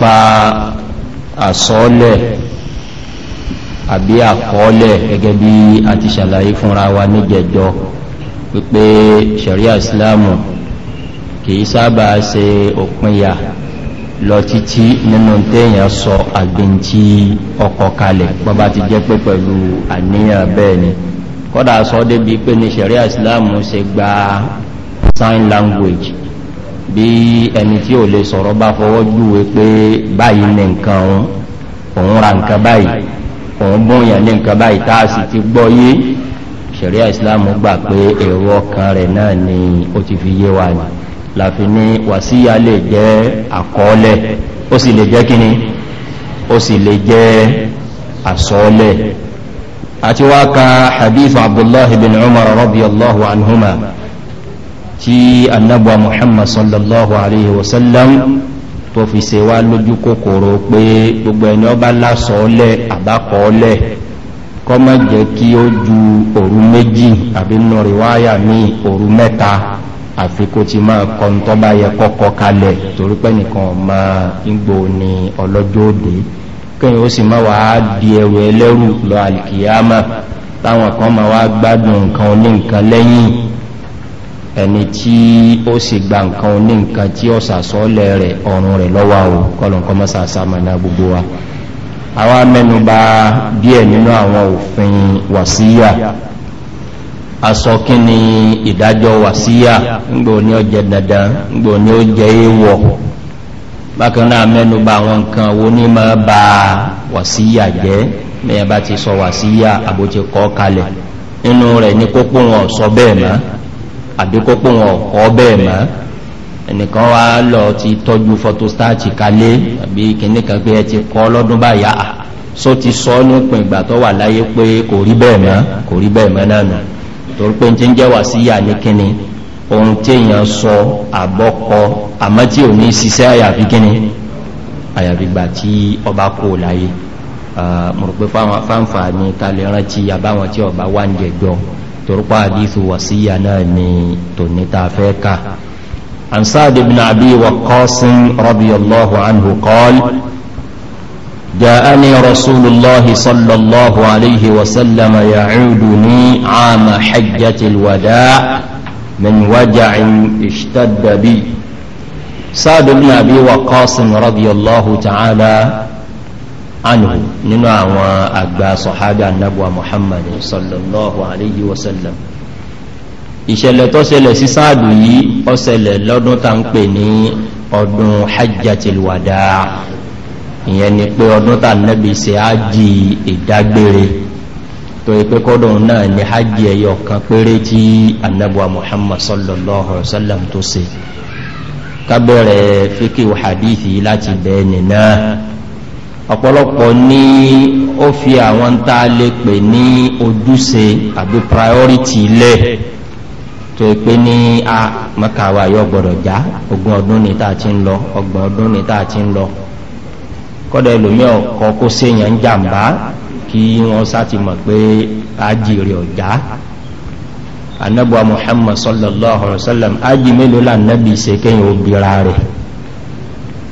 pa àsọ́ọ́lẹ̀ àbí àkọọ́lẹ̀ gẹ́gẹ́ bí a ti ṣàlàyé fúnra wa níjẹjọ wípé sharia islamu kìí sábà ṣe òpinya lọ títí nínú téèyàn sọ àgbẹ̀ntí ọkọ̀ kalẹ̀ bọ́bá ti jẹ́ pé pẹ̀lú àníyàn bẹ́ẹ̀ ni kọ́dà sọ débi pé ní sharia islamu ṣe gba sign language bí ẹni tí ò lè sọ̀rọ̀ bá fọwọ́ júwe pé báyìí ní nǹkan òun òun ra nǹkan báyìí òun bóyàn ní nǹkan báyìí tá a sì ti gbọ́ yé ṣẹ̀ríà ìsìláàmù gbà pé èrò ọkàn rẹ̀ náà ni ó ti fi yé wa ni láfi ní wàsíyà lè jẹ́ àkọọ́lẹ̀ ó sì lè jẹ́ kíni ó sì lè jẹ́ àsọọ́lẹ̀ àti wá ka hadith abdullahi bin umar rabi allahu anhuma tí annabuwa muhammad sallallahu alaihi wasallam tó fi ṣe wá lójú kòkòrò pé gbogbo ẹni ọba lásọọlẹ àbákọọlẹ kọ́ má jẹ́ kí ó ju òru méjì àbí nọrí wáyà ní òru mẹ́ta àfi kó ti máa kọ́ ń yẹ kọ́kọ́ kalẹ̀ torí pé nìkan ọ̀ma ìgbò ni ọlọ́jọ́ òde kẹ́yìn ó sì má wàá di ẹrù ẹlẹ́rù lọ àlìkìyàmà táwọn kan máa wá gbádùn nǹkan oní nǹkan lẹ́yìn ẹni tí ó sì gba nǹkan ní nǹkan tí ó sàsọ́lẹ̀ rẹ̀ ọ̀run rẹ̀ lọ́wọ́ o kọlọ̀nkọ́ mọ́sà sàmànà gbogbo wa àwọn amẹ́nubà díẹ̀ nínú àwọn òfin wàsíyà aṣọ ìdájọ́ wàsíyà ńgbò ní ó dandan ńgbò ní ó jẹ èèwọ̀ bákan náà àwọn nǹkan wo máa ba wàsíyà jẹ́ mẹ́yà bá ti sọ wàsíyà sọ bẹ́ẹ̀ àbíkó pé wọn ọ̀kọ́ bẹ́ẹ̀ mọ́ ẹnìkan wá lọ ti tọ́jú fọtostáàtì kalẹ̀ àbí kìnní kan pé ẹ ti kọ́ lọ́dún báyà só ah, ti sọ nípìn ìgbà tó wà láyé pé kò rí bẹ́ẹ̀ mọ́ kò rí bẹ́ẹ̀ mọ́ náà nù torí pé ti ń jẹ́ wá sí yà ní kínní ohun téèyàn sọ àbọ̀kọ àmọ́ tí ò ní ṣiṣẹ́ àyàfi kínní àyàfi gbà tí ọba kò láyé mo rò pé fáǹfà ta lè rántí àbáwọn tí ọba wá ń jẹjọ́ torúpa àdífù wàsíyà náà ni tòní ta fẹ́ ká ansad ibn abi waqqas radiyallahu anhu qala جاءني رسول الله صلى الله عليه وسلم يعودني عام حجة الوداع من وجع اشتد بي سعد بن أبي وقاص رضي الله تعالى anu nínú àwọn àgbà sọ̀hábí annabuwa muhammad sallallahu alayhi wa sallam ìṣẹ̀lẹ̀ tó ṣẹlẹ̀ sí sáàdù yìí ó ṣẹlẹ̀ lọ́dún ta ń pè ní ọdún hajjatilwada ìyẹn ni pé ọdún ta nẹ́bí ṣe ájì ìdágbére tó ipé kọ́dùn náà ni hajji ẹyọ kan péré tí annabuwa muhammad sallallahu alayhi wa sallam tó ṣe kábẹ̀rẹ̀ fíkì wàhadìsì láti bẹ́ẹ̀ nìna ọ̀pọ̀lọpọ̀ ni ó fi àwọn tá a lè pè ní ojúṣe àbí priority lẹ̀ tó yẹ pé ní a mọ́kàwá yóò gbọ́dọ̀ já ogún ọdún ni tá a ti ń lọ ọgbọ̀n ọdún ni tá a ń lọ kọ́dọ̀ ẹlòmíọ̀ kọ́ kó séèyàn jàǹbá kí wọ́n sá mọ̀ pé ajìrì ọ̀já anabuwa muhammad sallallahu alaihi wa sallam ajì mélòó la nabi ṣe kéyìn obìnrin rẹ̀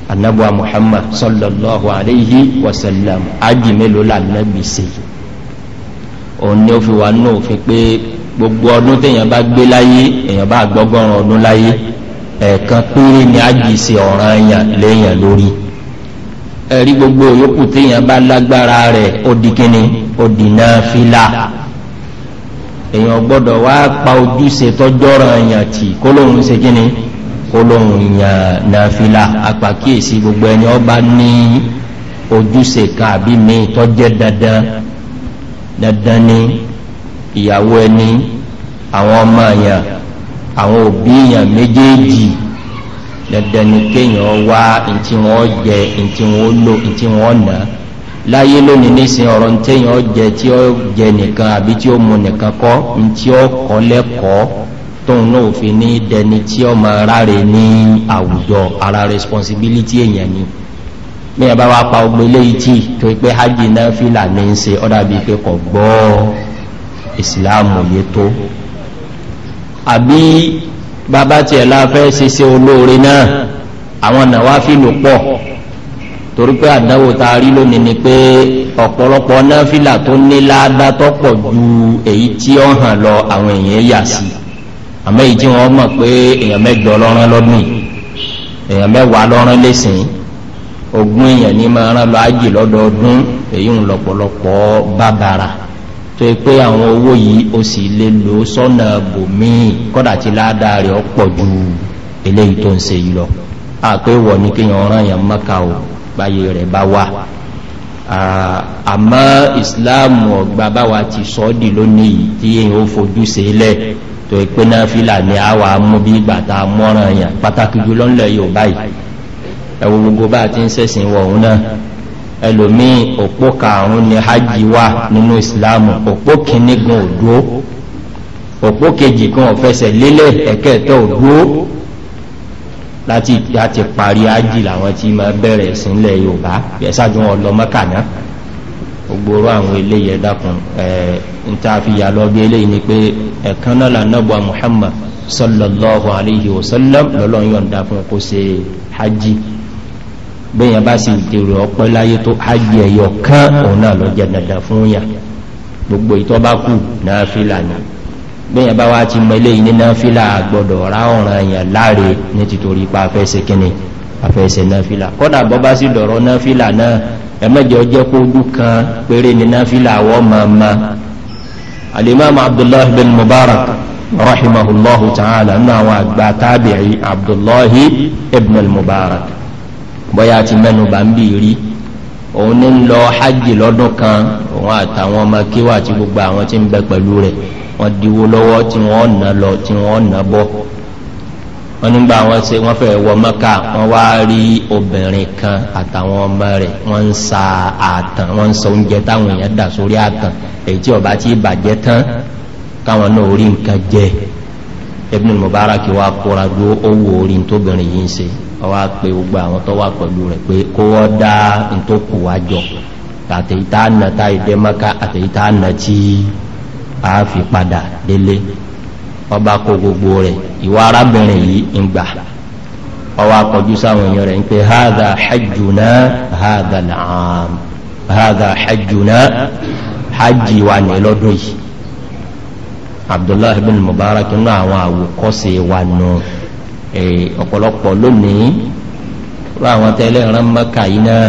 anabuwa muhammad sallallahu alayhi wa sallam aji mélòó la nabi ṣe òun ni ó fi wà nù fi pé gbogbo ọdún téèyàn bá gbé láyé èèyàn bá gbọ́gọ́rùn ọdún láyé ẹ̀ẹ̀kan péré ni aji ṣe ọ̀ràn yàn léèyàn lórí ẹ̀rí gbogbo yòókù téèyàn bá lágbára rẹ̀ ó di kíni ó di náà fílà èèyàn gbọ́dọ̀ wá pa ojúṣe tọ́jọ́ràn yàn tì kó lóun ṣe kíni kó lóhun yàn nàfilà apàkíyèsí gbogbo ẹni ọba ní ojúṣe kan àbí mi tó jẹ́ dandan dandan ni ìyàwó ẹni àwọn ọmọ yàn àwọn òbí yàn méjèèjì dandan ni kéèyàn wá ntí wọn jẹ ntí wọn lò ntí wọn nà láyé lónìí nísìnyí ọ̀rọ̀ ntẹ́yìn ọ jẹ tí ọ jẹ nìkan àbí tí ó mu nìkan kọ́ ntí ọ kọ́ lẹ́kọ̀ọ́ tóun náà fi ní dẹni tí ó máa ráre ní àwùjọ ara responsibility èèyàn ni bí ẹ bá wá pa ọgbẹ eléyìí tí tó pé hajj náà fìlà ní í ṣe ọ̀dà bíi pé kò gbọ́ ìsìláàmù yé tó àbí bàbá tiẹ̀ la fẹ́ ṣiṣẹ́ olóore náà àwọn nàwáfílù pọ̀ torí pé àdánwò tá a rí lónìí ni pé ọ̀pọ̀lọpọ̀ náfìlà tó ní ládàá tó pọ̀ ju èyí tí ó hàn lọ àwọn èèyàn yà sí i àmọ́ èyí tí wọ́n mọ̀ pé èèyàn mẹ́jọ lọ́rán lọ́dún yìí èèyàn mẹ́wàá lọ́rán lẹ́sìn ogún èèyàn ní máa rán lọ ájì lọ́dọọdún èyí ń lọ̀pọ̀lọpọ̀ bàbàrà tó yẹ pé àwọn owó yìí o sì lè lò ó sọ́nà bòmíì kọ́dà tí ládàá rẹ̀ ọ̀pọ̀ ju eléyìí tó ń se yìí lọ àpé wọ̀ ní kéèyàn rán èèyàn mọ́ka o báyé rẹ̀ bá wà àmọ́ ìsìláàmù ọ̀gbà báwa ti sọ́ọ́dì lónìí tí èèyàn ó fojú sí lẹ́ẹ̀ tó ìpé náà fílà ní àwà mú bí ìgbà tá a mọ́ràn èèyàn pàtàkì jù lọ́nlẹ̀ yóò báyìí ẹ̀wọ̀n gbogbo bá ti ń sẹ́sìn wọ̀ òun náà ẹlòmíì òpó karùn-ún ni hajj wà nínú ìsìláàmù òpó kìíní gan òdúó òpó kejì kan ọ̀fẹsẹ̀ lélẹ̀ ẹ̀kẹ́ẹ̀tọ́ òdúó láti parí hajj làwọn tí máa bẹ̀rẹ̀ sílẹ̀ yorùbá yẹ sáájú wọn lọ mọ́kànáà gbogbo àwọn eléyìí ẹ̀dá kan ẹ̀ ń ta fi yà lọ bí eléyìí ni pé ẹ̀kan náà là nàbọ̀ muhammad sallallahu alayhi wa sallam lọ́lọ́ yọ̀ǹda fún kó ṣe hajj bẹ́yẹn bá sì dèrò ọpẹ́ láyé tó hajj ẹ̀yọ̀ kan òun náà lọ jẹ́ dandan fún yà gbogbo ìtọ́ bá kù náà fi lànà bẹ́yẹn bá wá ti mọ eléyìí ní náà fi là gbọ́dọ̀ ra ọ̀ràn yẹn láre ní títorí pa afẹ́ ṣe àfẹ́ẹ̀sẹ̀ náfílà kọ́dà bọ́ bá sí dọ̀rọ̀ náfílà náà ẹ̀mẹ́jọ jẹ́ kó ojú kan péré ní náfílà wọ́n mọ̀ọ́mọ́ alimami abdullahi bin mubarak rahimahullahu ta'ala nínú àwọn àgbà tábìrì abdullahi ibn mubarak bóyá ti mẹ́nu bá ń bì rí òun ní ń lọ hajj lọ́dún kan òun àtàwọn ọmọ kíwà tí gbogbo àwọn tí ń bẹ pẹ̀lú rẹ̀ wọ́n diwó lọ́wọ́ tí wọ́n ná lọ tí wọ́n ná bọ́ wọ́n nígbà wọ́n ṣe wọ́n fẹ́ wọ mọ́ká wọ́n wá rí obìnrin kan àtàwọn ọmọ rẹ̀ wọ́n ń sa àtàn wọ́n ń sa oúnjẹ táwọn èèyàn dà sórí àtàn èyí tí ọba ti bàjẹ́ tán káwọn náà orí nǹkan jẹ Ibn Mubarak wa kóra dúró owó orí tóbìnrin yìí ń ṣe ọwọ́ pé gbogbo àwọn tó wà pẹ̀lú rẹ̀ pé kó wọ́n dá ntókù wá jọ àtẹ̀yìntà àna táyìdẹ́ mọ́ká àtẹ̀yìntà àna tí a padà délé ọba kó gbogbo rẹ̀ ìwà arábìnrin yìí ń gbà ọwọ́ akọjú sáwọn èèyàn rẹ̀ ń pé haza hajjuna haza na'am haza hajjuna hajji wa ní lọ́dún yìí abdullahi bin mubarak nínú àwọn àwòkọ́sí wa nù ọ̀pọ̀lọpọ̀ lónìí rọ àwọn tẹ́lẹ̀ rán mọ́kà yìí náà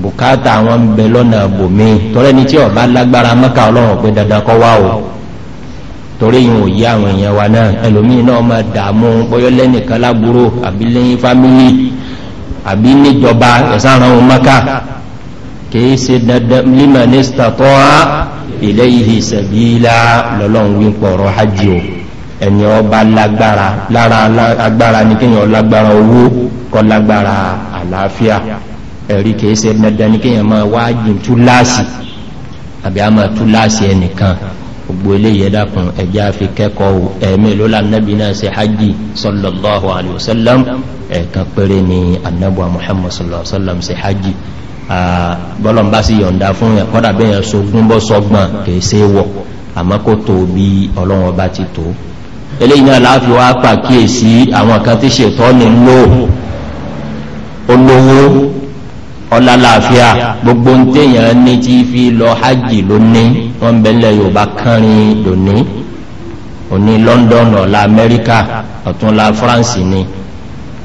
bùkátà àwọn ń bẹ lọ́nà bòmí tọ́lẹ́ni tí ọba lágbára mọ́kà ọlọ́run pé dandan kọ́ wá o torí yìí ò yí àwọn èèyàn wa náà ẹlòmíì náà máa dààmú bóyá lẹ́nìkan lágbóró àbí lẹ́yìn fámìlì àbí níjọba ẹ̀sán àwọn maka kìí ṣe dandan límà ní sàtọ́ ilé ìhì sẹ̀bílá lọ́lọ́run wí pọ̀rọ̀ hajj o ẹni ọba lágbára lára agbára ní kéèyàn lágbára owó kọ́ lágbára àlàáfíà ẹ̀rí kìí ṣe dandan ní kéèyàn máa wá jìn àbí a túláàsì ẹnìkan gbogbo eléyìí dákun ẹjá fi kẹ́kọ̀ọ́ ẹ̀mẹ́ ló lánàbí náà sí hajji sallallahu alaihi sallam ẹ̀kan péré ni annabuwa muhammad sallallahu alaihi wasallam sí hajji bọ́lọ̀ bá sí yọ̀nda fún ẹ̀kọ́dà bẹ́yẹn sógún bọ́ sọ́gbọ̀n kìí sí wọ̀ àmọ́ kó tó bí ọlọ́wọ́n bá ti tó eléyìí náà láàfi wá pàkíyèsí àwọn kan tí ṣètọ́ ní lóò olówó ọlá láàfíà gbogbo ń tèèyàn ní tí fi lọ hajj lóní wọ́n bẹ̀lẹ̀ yorùbá kánrin lóní òní london ọ̀la amẹ́ríkà ọ̀túnla france ni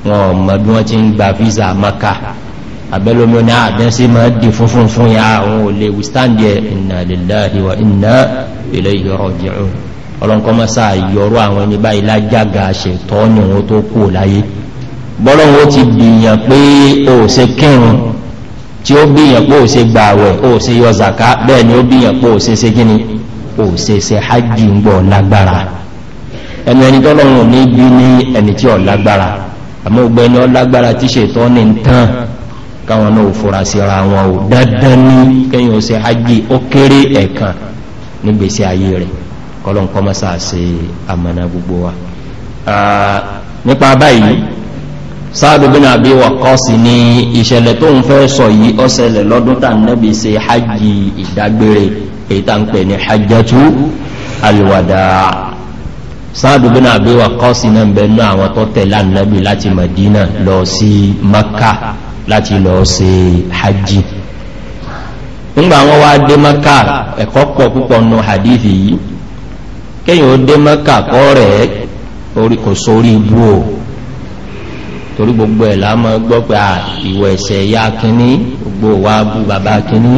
wọn ò mọ̀ bí wọ́n ti ń gba visa maka abẹ́lómi ní ah, àdẹ́sí máa dì funfun fún ya àwọn olè withstand yẹ inna lillahi wa inna ilayhi raji'un ọlọ́nkọ́mọ́sá yọrọ àwọn ẹni báyìí lájàgà ṣètọ́ ni wọ́n tó kú láyé bọ́lọ́wọ́ ti bìyàn pé ó tí ó bíyàn pé ò ṣe gba àwẹ̀ ò ṣe yọ zaka bẹ́ẹ̀ ni ó bíyàn pé ò ṣe ṣe gíní ò ṣe ṣe hajj ń gbọ́ lágbára ẹnu ẹni tó lọ́rùn ní bí ní ẹni tí ọ̀ lágbára àmọ́ ògbẹ́ ni ọ́ lágbára tí ṣètọ́ ní ń tán káwọn náà fura síra wọn ò dandan ní kẹ́yìn ó ṣe hajj ó kéré ẹ̀kan nígbèsí ayé rẹ̀ kọ́lọ́n kọ́mọ́sà ṣe àmàna gbogbo wa nípa báyìí sáàdù bí nàbí wàkọ́sì ni ìṣẹ̀lẹ̀ tó ń fẹ́ sọ yìí ọ̀sẹ̀lẹ̀ lọ́dún tà nẹ́bí ṣe hajj ìdágbére èyí tà ń pè ní hajjatu alwada sáàdù bí nàbí wàkọ́sì náà bẹ̀ nú àwọn tó tẹ̀lá nẹ́bí láti madina lọ sí maka láti lọ ṣe hajj ńgbà wọn wá dé maka ẹ̀kọ́ pọ̀ púpọ̀ nù hadithi yìí kéèyàn ó dé maka kọ́ rẹ̀ kò sórí ibú o torí gbogbo ẹ̀ la máa gbọ́ pé ìwọ̀ ẹ̀sẹ̀ ya kínní gbogbo wa bú bàbá kínní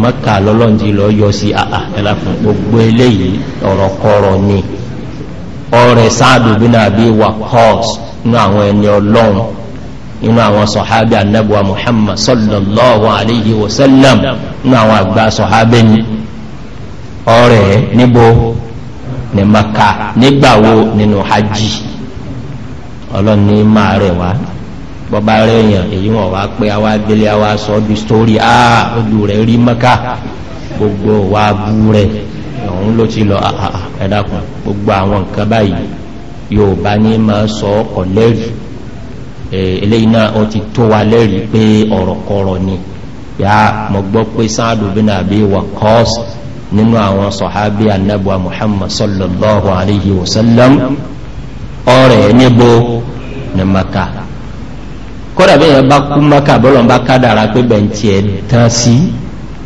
mọ́kà lọ́lọ́njì lọ yọ sí àà ẹ̀lá fún gbogbo eléyìí ọ̀rọ̀ kọ̀rọ̀ ni ọ̀rẹ́ sáàdù bí náà bí wà kọ́ọ̀s nínú àwọn ẹni ọlọ́run nínú àwọn sọ̀hábì anábùwà muhammad sallallahu alayhi wa sallam nínú àwọn àgbà sọ̀hábì ni ọ̀rẹ́ níbo ní mọ́kà nígbàwo nínú hajj ọlọ́ni máa rẹ̀ wá bọ́ba rẹ̀ yàn èyí wọn wá pé àwa délé àwa sọ ọ́ di sítórí á ojú rẹ̀ rí mọ́ká gbogbo wa bú rẹ̀ òun ló ti lọ ẹ̀dàkùn gbogbo àwọn nǹkan báyìí yóò bá ní máa sọ ọkọ̀ lẹ́rìí eléyìí náà ó ti tó wa lẹ́rìí pé ọ̀rọ̀kọ̀rọ̀ ni yá mo gbọ́ pé sáàdù bí náà bí wà kọ́ọ̀sì nínú àwọn sọ̀hábí anábùa muhammad sallallahu alayhi wa sallam ọrẹ̀ níbo ní maka kódà bí yẹn bá kú maka bọ́lọ́n bá kádàrà pé bẹ̀ ń tiẹ̀ tán sí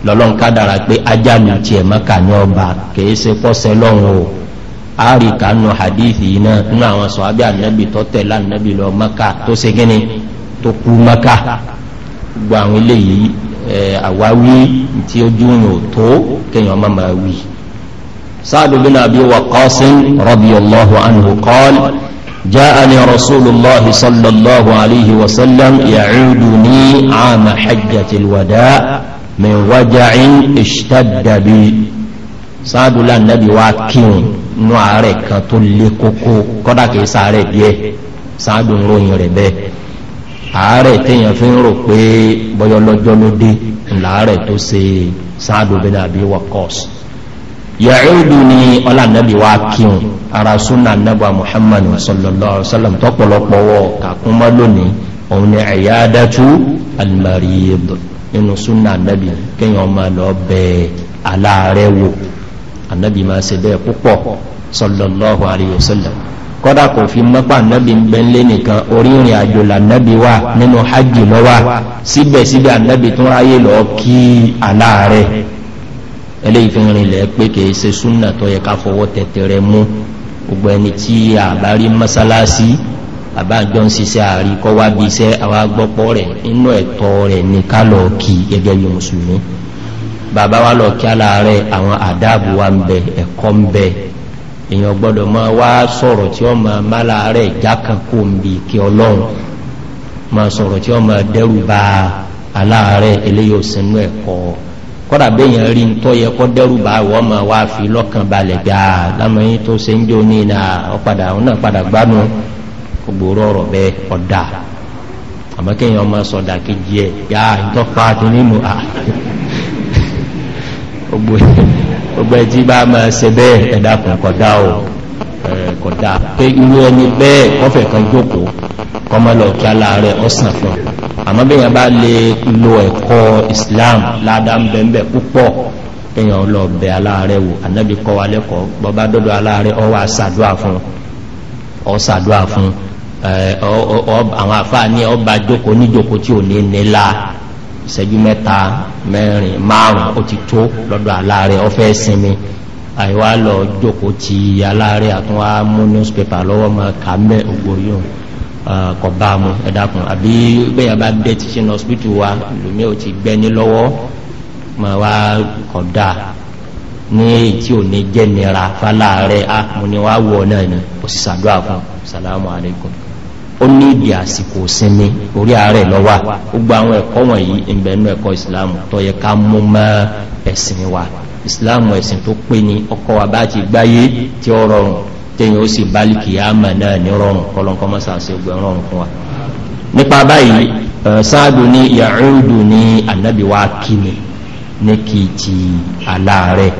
lọ́lọ́n kádàrà pé ajá ni tiẹ̀ maka ní ọba kìí ṣe pọ́sẹ̀ lọ́hùn o àríkà nù hadithi iná nínú àwọn sọ abẹ́ ànábì tó tẹ̀lé ànábì lọ maka tó ṣe gíní tó kú maka gbogbo àwọn eléyìí àwáwí tí ojú yóò tó kéèyàn má máa wí. sáàdù bí nàbí wà kọ́sìn rọ́bì allahu anhu kọ́ọ́lì. جاءني رسول الله صلى الله عليه وسلم يعودني عام حجة الوداء من وجع اشتد بي سعد الله النبي واكين نعرك تلقكو قدك سعرك يه سعد روين ربه ààrẹ téèyàn fi ń rò pé bọ́yọ́ lọ́jọ́ ló dé ńlá ààrẹ tó ṣe sáàdù bẹ́ẹ̀ yàídù ni ọlànàbí wa kíun ara súnà nàbà muhammad sallallahu alaihi wasallam tọ́pọ̀lọpọ̀ wọ kàkúnmọ́ lónìí òun ni àyádátú almariyid nínú súnà nàbì kéèyàn máa lọ bẹ aláàrẹ̀ wò ànàbì máa ṣe bẹ́ẹ̀ púpọ̀ sallallahu alaihi wasallam kọ́dà kò fi mọ́pà nábi ń bẹ́ńlé nìkan orírìn àjò lànàbí wà nínú hajj lọ́wà síbẹ̀síbẹ̀ ànàbì tún ráyè lọ kí aláàrẹ̀ eléyìí fi rìn lẹ̀ pé kìí ṣe súnà tó yẹ ká fọwọ́ tẹ̀tẹ̀rẹ̀ mú gbogbo ẹni tí àbárí mọ́sálásí àbájọ́ ń ṣiṣẹ́ àárí kọ́ wá bí iṣẹ́ àwa gbọ́pọ̀ rẹ̀ nínú ẹ̀tọ́ rẹ̀ ní ká lọ kí gẹ́gẹ́ bí mùsùlùmí bàbá wa lọ kí aláàárẹ̀ àwọn àdáàbò wa ń bẹ ẹ̀kọ́ ń bẹ èèyàn gbọ́dọ̀ máa wá sọ̀rọ̀ tí ó máa má láàárẹ̀ jákàkó ń bi kí ọlọ́run máa sọ̀rọ̀ tí ó máa dẹ́rù bá aláàárẹ̀ eléyìí ò sínú ẹ̀kọ́ ọ̀ kọ́dà bẹ́yàn rí ń tọ́ yẹ kọ́ dẹ́rùbà wọ́n ma wá fi lọ́kàn balẹ̀ gbà lámọ́yí tó se ń jò ní ìnà ọ̀padà òun náà padà gbánu gbòòrò ọ̀rọ̀ bẹ́ẹ̀ ọ̀dà àmọ́ kéèyàn ọmọ sọ̀dà kejì ẹ̀ yá ìtọ́pa àti nínú à gbogbo ẹ̀ tí bá máa ṣe bẹ́ẹ̀ ẹ̀dá kan kọ̀dá o kọ̀dá pé irú ẹni bẹ́ẹ̀ kọ́fẹ̀ kan jókòó kọ́mọ́lọ̀ kí aláàárẹ̀ ọ̀sán fún un àmọ́ bí yẹn bá lè lo ẹ̀kọ́ islam ládàá ń bẹ̀ ń bẹ̀ púpọ̀ kéèyàn lọ bẹ aláàárẹ̀ wò ànábì kọ́ wa lẹ́kọ̀ọ́ bọ́bá dọ́dọ̀ aláàárẹ̀ ọ wá ṣàdúrà fún ọ ṣàdúrà fún àwọn àfáà ní ọba jókòó níjókòó tí ò ní nílá ìṣẹ́jú mẹ́ta mẹ́rin márùn-ún ó ti tó lọ́dọ̀ aláàárẹ̀ ọ fẹ́ sinmi àìwá lọ jókòó ti aláàárẹ̀ àtúnwá mú newspaper lọ́wọ́ máa kà mẹ́ ògbóyún. Ah, kọba mu ẹdakun àbí bẹ́ẹ̀ bá dé ti ṣe ní hospital wa lómi ò ti gbẹ́ni lọ́wọ́ máa wá kọ̀dà ní tí ò ní jẹ́ nira fáláàrẹ̀ a ah, mo ní wá wọ náà ni kò sì ṣàdúrà fún salamu alaykum ó ní ìdí àsìkò sinmi orí ààrẹ lọ́wọ́ gbogbo àwọn ẹ̀kọ́ wọ̀nyí ìbẹ̀nú ẹ̀kọ́ ìsìláàmù tó yẹ ká mú mọ́ ẹ̀sìn wa ìsìláàmù ẹ̀sìn tó pé ni ọkọ̀ wa bá ti gbáyé tí ó rọrùn tẹ́yìn ó sì bálìkì àmà náà ní rọrùn kọlọ́nkọ́ mọ́sá sí ogun rọrùn fún wa nípa báyìí sáàdù ní yàrúdù ní ànábìwá kíni ní kí ti aláàrẹ̀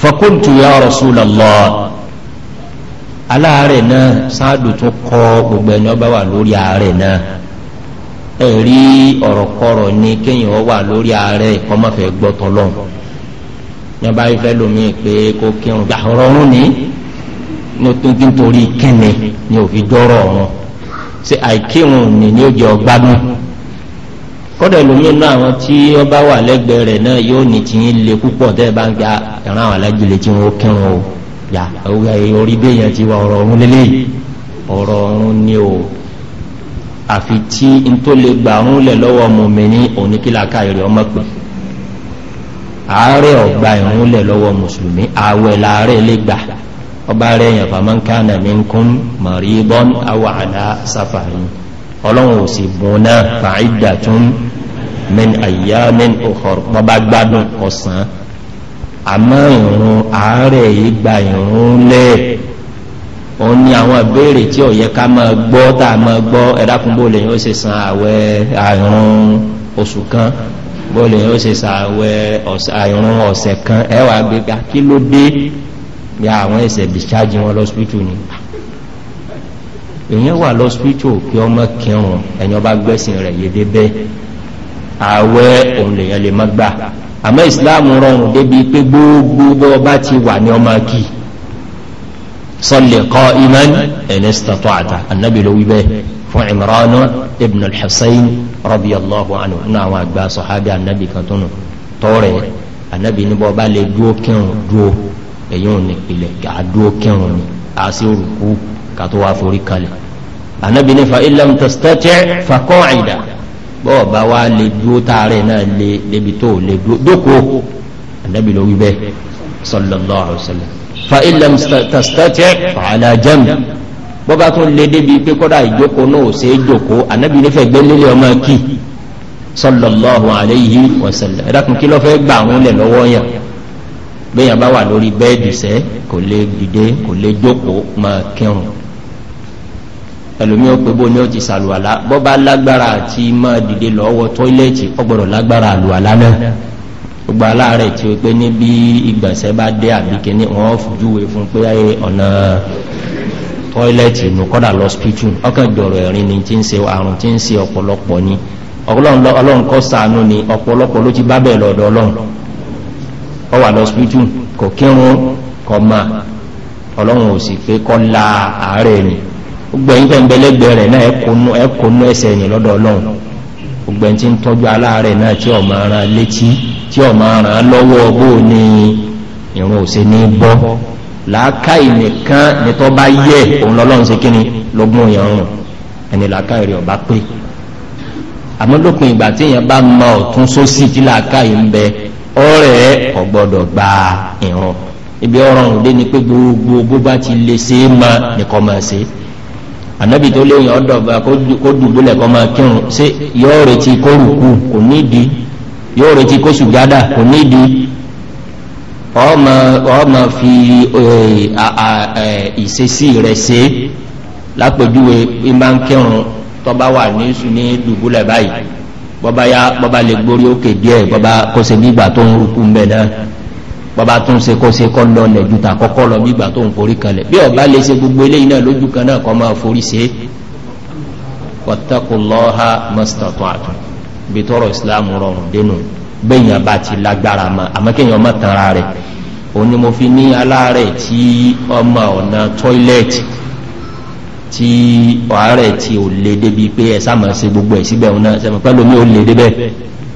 fọkúntù ya rasulallah aláàrẹ̀ náà sáàdù tún kọ gbogbo ẹni ọba wà lórí ààrẹ̀ náà ẹ̀rí ọ̀rọ̀kọ̀rọ̀ ní kéyìn ọ wà lórí ààrẹ̀ kọ́mọ́fẹ́ gbọ́tọ̀ lọ́n yọba ifẹ́ lomi pé kó kírun gbà rọrùn ní nítorí kíni ni òfin jọ́rọ̀ wọn ṣe àìkírun ni ni ó jẹ ọgbádùn kọ́dọ̀ lómi náà àwọn tí ó bá wà lẹ́gbẹ̀ẹ́ rẹ̀ náà yóò ní tí ń le púpọ̀ tẹ́ ẹ bá ń gba ẹ̀ràn àwọn alájìlẹ̀ tí wọ́n kírun o yà orí bẹ́yẹn ti wà ọ̀rọ̀ ọ̀run lélẹ́yìí ọ̀rọ̀ ọ̀run ni o àfi tí n tó lè gbà ọ̀run lẹ̀ lọ́wọ́ mùmíní oníkìláka èrè ọmọ pè àárẹ̀ ọ̀gbà ìrún lẹ̀ lọ́wọ́ mùsùlùmí ààwẹ̀ làárẹ̀ lè gbà ọba rẹ̀ yẹn faman kana minkum maridan aw ala safarin ọlọ́run ò sì bùn náà fa'iddatun min ayyamin ukhar bọ́bá gbádùn ọ̀sán àmọ́ ìrún àárẹ̀ yìí gba ìrún lẹ̀ òun ni àwọn ìbéèrè tí ò yẹ ká máa gbọ́ tá a máa gbọ́ ẹ̀dákun bó lè yín ó ṣe san àwẹ̀ àìrún oṣù kan bó lè yín ó ṣe san àwẹ̀ àìrún ọ̀sẹ̀ kan ẹ wàá kí ló dé bí àwọn ẹsẹ̀ discharge wọn lọ́spítù ni èyàn wà lọ́spítù kí ọmọ kírun ẹ̀yàn bá gbẹ́sìn rẹ̀ yédé bẹ́ẹ̀ ààwẹ́ òun lèyàn lè má gbà àmọ́ ìsìláàmù rọrùn débi pé gbogbo bọ́ bá ti wà ní ọmọ kì sọlẹ̀ kọ́ iman ẹ̀nẹ́ sọ̀tọ̀ àtà annabi ló wí bẹ́ẹ̀ fún imran ibn al-hussein rabi allahu anhu nínú àwọn àgbà sọ̀hábì annabi kan tó nù tọ́rẹ̀ annabi níbọ̀ bá lè dúó kírun dúó èyí ò ní pilẹ̀ àdúró kẹrùn ni a sì rùkú ká tó wá forí kalẹ̀ ànábi ní fa ilam tẹsítẹ́tẹ́ fakọ́ àìdá bọ́ọ̀ bá wá lè dúró táàrẹ̀ náà lè débi tó lè dóko ànábi ló wí bẹ́ẹ̀ sallallahu alayhi wa sallam fa ilam tẹsítẹ́tẹ́ fàálà jẹ́mu bọ́ba tún lè débi pé kọ́dà ìjókòó náà ò ṣeé jókòó ànábi nífẹ̀ẹ́ gbẹ́lélé ọmọ kì sallallahu kí ló fẹ́ gbà àwọn lẹ̀ lọ́wọ́ yẹn. bẹ́yàn bá wà lórí bẹ́ẹ̀dì sẹ́ kò lè dìde kò lè jókòó mọ́ kírun pé bó ní ó ti sàlùwàlá bọ́ bá lágbára àti mọ́ dìde lọ́wọ́ tọ́ílẹ̀tì ọgbọ̀rọ̀ lágbára àlùwàlá náà gbogbo aláàrẹ̀ tí ó pé ní bí ìgbọ̀nsẹ̀ bá dé àbíkẹ́ ní wọ́n fùjúwe fún pé ọ̀nà tọ́ílẹ̀tì ni tí ń se àrùn tí ń se ọ̀pọ̀lọpọ̀ ni ọlọ́run kọ́ sànú ni ti bá ọ wà lọ́sibítù kò kírun kò mà ọlọ́run ò sì pé kọ́ la àárẹ̀ ni gbẹ̀yìn tẹ̀m̀bẹ̀lẹ́gbẹ̀ rẹ̀ náà ẹ̀kọ́nú ẹsẹ̀ yìí lọ́dọ̀ ọlọ́run gbẹ̀yìn tí ń tọ́jú aláàárẹ̀ náà tí ọ̀ máa ran létí tí ọ̀ máa ran lọ́wọ́ bó ni ìrun òsè ní bọ́ làákàyè nìkan nìtọ́ bá yẹ òun lọ́lọ́run ṣe kíni lọ́gbọ́n èèyàn rùn ẹni làákàyè rẹ̀ ọ̀bá pé àmọ́ lópin ìgbà tí èèyàn bá mọ ọ̀tún sósì tí làákàyè ń bẹ ọ̀rẹ́ kò gbọ́dọ̀ gba ìrun ibi ọ̀rọ̀ ọ̀hún dé ni pé gbogbo bó bá ti lè ṣe é ma nìkan máa ṣe ànábì tó léyìn ọ̀dọ̀ bá kó dùbúlẹ̀ kó máa kírun ṣé yóò retí kó rùkú kò nídìí yóò retí kó sùjádà kò nídìí ọmọ ọmọ fi ìṣesí rẹ̀ ṣe lápèjúwe ìmáǹkírun tó bá wà ní dùbúlẹ̀ báyìí bọ́ba ya bọ́ba lè gbórí òkè díẹ̀ bọ́ba kó se bí ìgbà tó ń rúkú ń náà bọ́ba tó ń se kó se kọ́ lọ lẹ̀ ju ta kọ́kọ́ lọ bí ìgbà tó ń forí kalẹ̀ bí ọba lè se gbogbo eléyìí náà lójú kan náà kọ́ máa forí se wàtàkùlọ́ha mọ́sítàtọ̀ bí tọrọ ìsìláàmù rọrùn dénú bẹ́yìn abá ti lágbára mọ́ àmọ́ kéèyàn má tanra rẹ̀ òun ní aláàrẹ̀ tí ọmọ ọ̀nà tọ́ílẹ̀tì tí ọ̀hárẹ̀ tí ò lè débi pé ẹ sáàmà sí gbogbo ẹ̀ síbẹ̀ ọ̀nà sẹ́mọ̀ pẹ́lú mi ò lè débẹ̀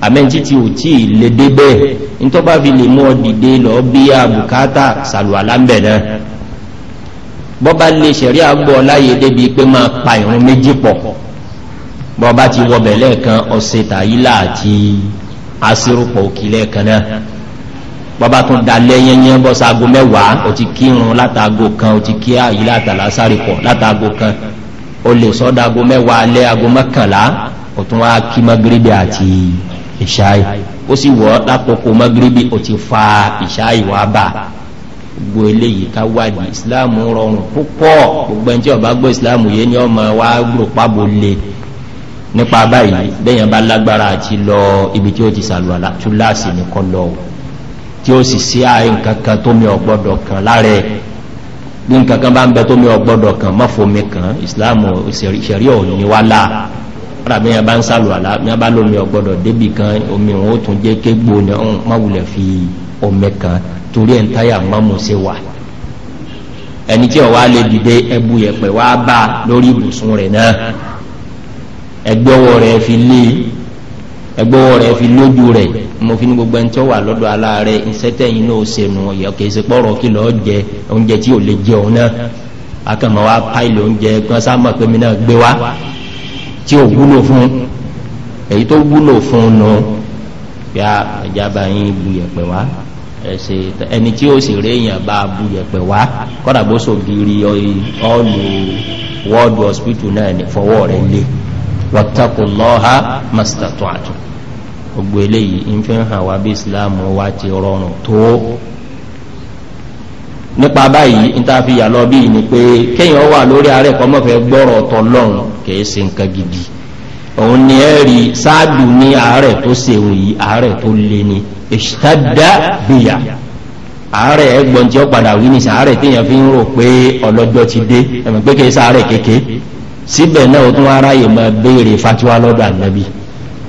àmẹ́ntí tí ò tí ì lè débẹ̀ ní tó bá fi lè mú ọ dìde lọ bí i àbùkátà sàlù alámbẹ̀ náà bọ́bá lè ṣẹ̀rí àgbọ̀ láyé débi pé máa pa ìrún méjì pọ̀ bọ́bá ti wọbẹ̀ lẹ́ẹ̀kan ọ̀sẹ̀ tàyílà àti asírùpọ̀ òkì lẹ́ẹ̀kan náà bọ́bá tún dalẹ̀ yẹnyẹn bọ́ sáago mẹ́wàá o ti kírun látago kan o ti kí ààyè látàlá sáré pọ̀ látago kan o lè sọ́dọ̀ ago mẹ́wàá alẹ́ ago mọ́kànlá o tún wá kí magrebi àti ìṣáì ó sì wọ́ lákòókò magrebi o ti fa ìṣáì wá bá gbogbo eléyìí ká wádìí islam rọrùn púpọ̀ gbogbo ẹni tí ọba gbọ́ islam yé ni ọmọ wa gbòòrò pàbò le nípa báyìí bẹ́ẹ̀ yẹn bá lágbára àti lọ ibi tí ó ti sàlùwàlá túláàsì nìkan lọ tí ó sì sí àì nkankan tó mi ọ̀gbọ́dọ̀ kan lára bí nkankan bá ń bẹ tó mi ọ̀gbọ́dọ̀ kan mọ́fòmí kan ìsìláàmù ìṣẹ̀rí òní wá láà rárá bí wọn bá ń sálù àlá bí wọn bá lómi ọ̀gbọ́dọ̀ débì kan omi òun ó tún jẹ́ kégbó ni ọ̀hún máwùlẹ̀ fi omi kan torí ẹ̀ ń táyà mọ́mú sí wà ẹni tí ọwọ́ alẹ́ dìde ẹbu yẹ̀pẹ̀ wá bá lórí ibùsùn rẹ̀ náà ẹgbẹ́ ọwọ́ rẹ̀ fi lé ẹgbọ́wọ́ rẹ̀ fi lójú rẹ̀ mo fi ní gbogbo ẹni tí wà lọ́dọ̀ aláàrẹ̀ ìṣẹ́tẹ̀yìn náà ṣẹnu ọ̀yà kìí ṣe pọ́rọ̀ kí lọ́ọ́ jẹ oúnjẹ tí ò lè jẹ òun náà akẹ́mọ̀ wa páìlì oúnjẹ kan sáàmọ̀ pé mi náà gbé wá tí ò wúlò fún èyí tó wúlò fún nu ya ìjábá yín bu wá ẹsẹ ẹni tí ó sì réèyàn bá bu wá kọ́dà bó so giri ọ̀ọ́lù wọ́ọ̀dù hospital náà ní fọwọ́ rẹ̀ lé wattaqullaha mastata'tum gbogbo eléyìí ń fi hàn wá bí islam wa ti rọrùn tó nípa báyìí níta fi yà lọ bíi ni pé kéèyàn wà lórí ààrẹ kọ́mọ́fẹ́ gbọ́rọ̀ ọ̀tọ̀ lọ́rùn kìí ṣe nǹkan gidi òun ni ẹ rí sáàdù ní ààrẹ tó ṣèwọ̀n yìí ààrẹ tó le ni ìṣítàdá bìyà ààrẹ ẹgbọ́n tí ó padà wí ní sàárẹ̀ téèyàn fi ń rò pé ọlọ́jọ́ ti dé ẹ̀mọ̀ pé kìí sàárẹ̀ kékeré síbẹ̀ náà ó tún wá ráyè máa béèrè fatiwa lọ́dọ̀ ànábì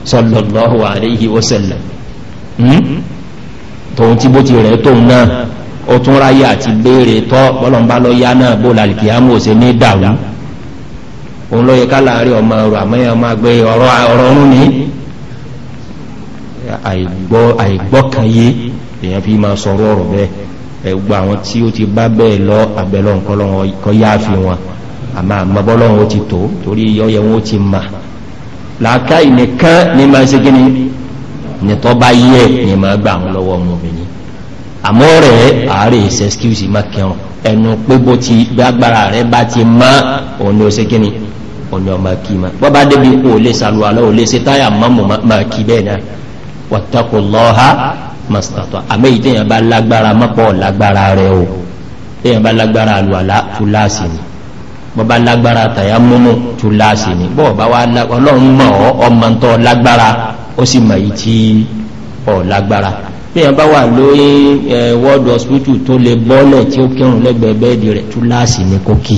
sallallahu alayhi wa sallam hmm? tòun tí bó ti rẹ̀ tóun náà ó tún ráyè àti béèrè tọ́ bọ́lọ̀mbá lọ yá náà bó làlìkì á mú òsè ní dàrú òun lọ yẹ ká láàrin ọmọ ọ̀rọ̀ àmọyẹ ọmọ àgbẹ ọ̀rọ̀ ọ̀rọ̀ ní àìgbọ́ àìgbọ́kànyé èèyàn fi máa sọ̀rọ̀ ọ̀rọ̀ bẹ́ẹ̀ ẹgbà àwọn tí ó ti bá bẹ́ẹ̀ lọ àbẹlọ nǹkan lọ kọ yáa wọn àmà àmọ́bọ́lọ́run ó ti tó torí yọ́yẹ wọn ó ti mà láàká ìnìkan ní máa ṣe gíní nìtọ́ bá yí ẹ̀ ní máa gbà wọn lọ́wọ́ ọmọbìnrin àmọ́ rẹ̀ ààrẹ ìṣe skills má kẹrùn ẹnu pé bó ti gbàgbára rẹ̀ bá ti má òun ló ṣe gíní òun ló máa kí ma bọ́ bá débi kó o lè ṣàlùwà lọ́wọ́ o lè ṣe táyà mọ́mù máa kí bẹ́ẹ̀ náà wàtàkù lọ́ha mọ́sítàtọ̀ àmọ́ èyí téèyàn bá lágbára mọ́pọ̀ lágbára rẹ̀ o téèyàn bá lágbára àlùwàlá fúláàsì ni bọ́bá lágbára tàyà múnú tó láàsì ní bọ́ọ̀bá wá ọlọ́run mọ̀ ọ́ ọmọ tó lágbára ó sì mọ̀ yìí tí ọ̀ lágbára bíyàn bá wà lórí ẹ wọ́ọ̀dù hospital tó lè bọ́ọ̀lẹ̀ tí ó kírun lẹ́gbẹ̀ẹ́ bẹ́ẹ̀dì rẹ̀ tó láàsì ní kókì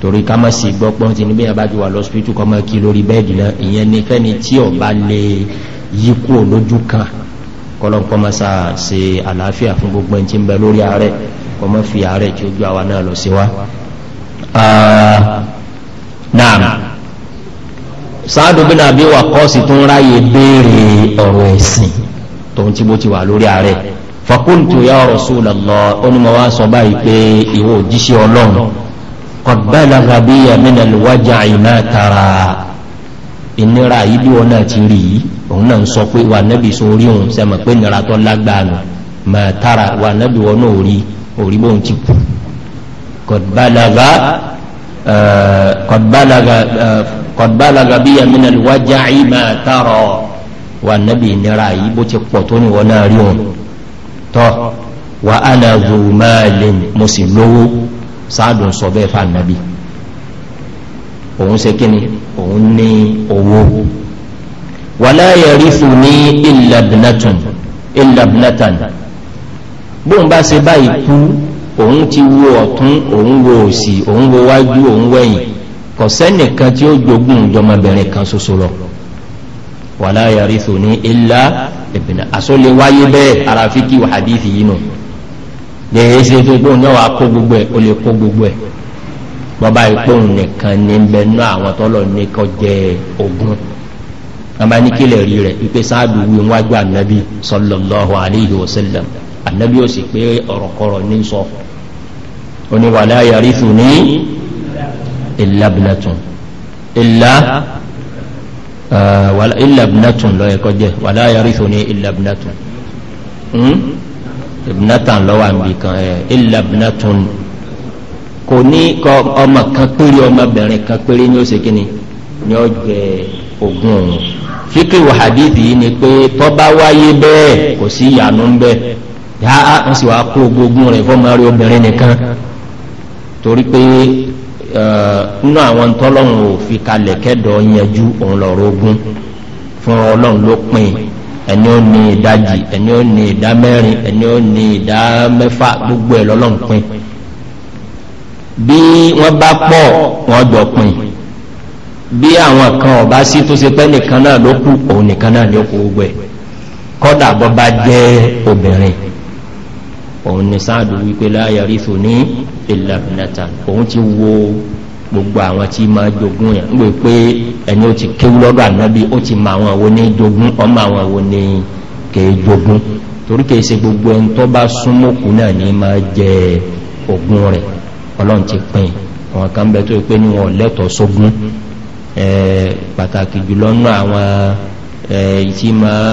torí ká má sì gbọ́ pọ́n ti ní bíyàn bá ti wà lọ́spítù kọ́ mọ́ kí lórí bẹ́ẹ̀dì náà ìyẹn ni fẹ́ni tí ọ̀ bá lè yí kúrò lójú kan kọ́lọ́nkọ́ má sá ṣe àlàáfíà fún gbogbo ẹni tí ń bẹ lórí ààrẹ kọ́ mọ́ fi ààrẹ tí ó gbé àwa náà lọ sí wa Ah, naam sáàdù bí nàbí wà kọ́ọ̀sì tó ń ráyè béèrè ọ̀rọ̀ ẹ̀sìn tóun tí bó ti wà lórí ààrẹ fọkúntù yà ọ̀rọ̀ sóòlà lọ onímọ̀ wá sọ báyìí pé ìwọ òjíṣẹ́ ọlọ́run kọ̀bẹ́lá rabi yamina lùwájà iná tara ìnira yìí bí wọn náà ti rí yìí òun náà ń sọ pé wà nábì sórí òun nira tó lágbàánu mà tara wà nábì wọn náà rí orí bóun ti kú. قد بلغ قد بلغ قد بلغ بي من الوجع ما ترى والنبي نراي يبوتي قطوني وناريون تو وانا ذو مال مسلو سعد صبي فالنبي òun ṣe kí ni òun ní owó wàlá yẹrìfù ní ìlàbìnàtàn ìlàbìnàtàn bóun bá ṣe báyìí kú òun ti wo ọ̀tún òun wo òsì òun wo wájú òun wẹ̀yìn kò sẹ́nìkan tí ó jogún ìjọmọbìnrin kan ṣoṣo lọ wàlá yarithu ní ilá ìbìnà àsọlẹ̀ wáyé bẹ́ẹ̀ ara fi kí wà hadithi yìí nù lèyìn ṣe tó gbóhùn náà wà kó gbogbo ẹ̀ ó lè kó gbogbo ẹ̀ bọ́bá ìpóhùn nìkan ní bẹnu àwọn tọ́lọ̀ ní kọ́ jẹ ogun àmà ní kílẹ̀ rí rẹ̀ wípé sáàdù wí wájú ànábì sallallahu alayhi wa sallam ànábì ó sì pé ọ̀rọ̀kọ̀rọ̀ ní sọ oníwàlá yàrífù ní ìlàbìnàtùn ìlà ìlàbìnàtùn lọ ẹ̀kọ́ jẹ́ wàlá yàrífù ní ìlàbìnàtùn ìbìnàtàn lọ́wọ́ àmì kan ẹ̀ ìlàbìnàtùn kò ní ọmọ kan péré ọmọbìnrin kan péré ní ó ṣe kíni ní ó jẹ ogún òun fíkì wàhádìí yìí ni pé tọ́ba wáyé bẹ́ẹ̀ kò sí ìyànú bẹ́ẹ̀ yàá wọ́n sì wá kó gbogbo rẹ̀ fọ́mọ rẹ̀ obìnrin nìkan torí pé nínú àwọn tọ́lọ́run ò fi kalẹ̀ kẹ́dọ̀ yanjú òun lọ́rọ̀ ogun fún ọlọ́run ló pin ẹni ó ní ìdajì ẹni ó ní ìdá mẹ́rin ẹni ó ní ìdá mẹ́fà gbogbo ẹ̀ lọ́lọ́run pin bí wọ́n bá pọ̀ wọ́n jọ pin bí àwọn kan ọba sí tó ṣe pé nìkan náà ló kù òun nìkan náà ló kù gbogbo ẹ̀ kọ́dà bọ́ bá jẹ́ obìnrin òun ni sáàdù wípé láàyè rífò ní ìlànàta òun ti wo gbogbo àwọn tí máa jogún yẹn ń gbé ẹni ó ti kéwú lọ́dọ̀ ànábì ó ti mọ àwọn wo ní jogún ọmọ àwọn wo ní kèé jogún torí kèé ṣe gbogbo ẹni tó bá súnmọ́kù náà ní máa jẹ ogún rẹ̀ ọlọ́run ti pin àwọn kan bẹ tó yẹ pé ní lẹ́tọ̀ọ́ sógún pàtàkì jùlọ náà àwọn ìtì máa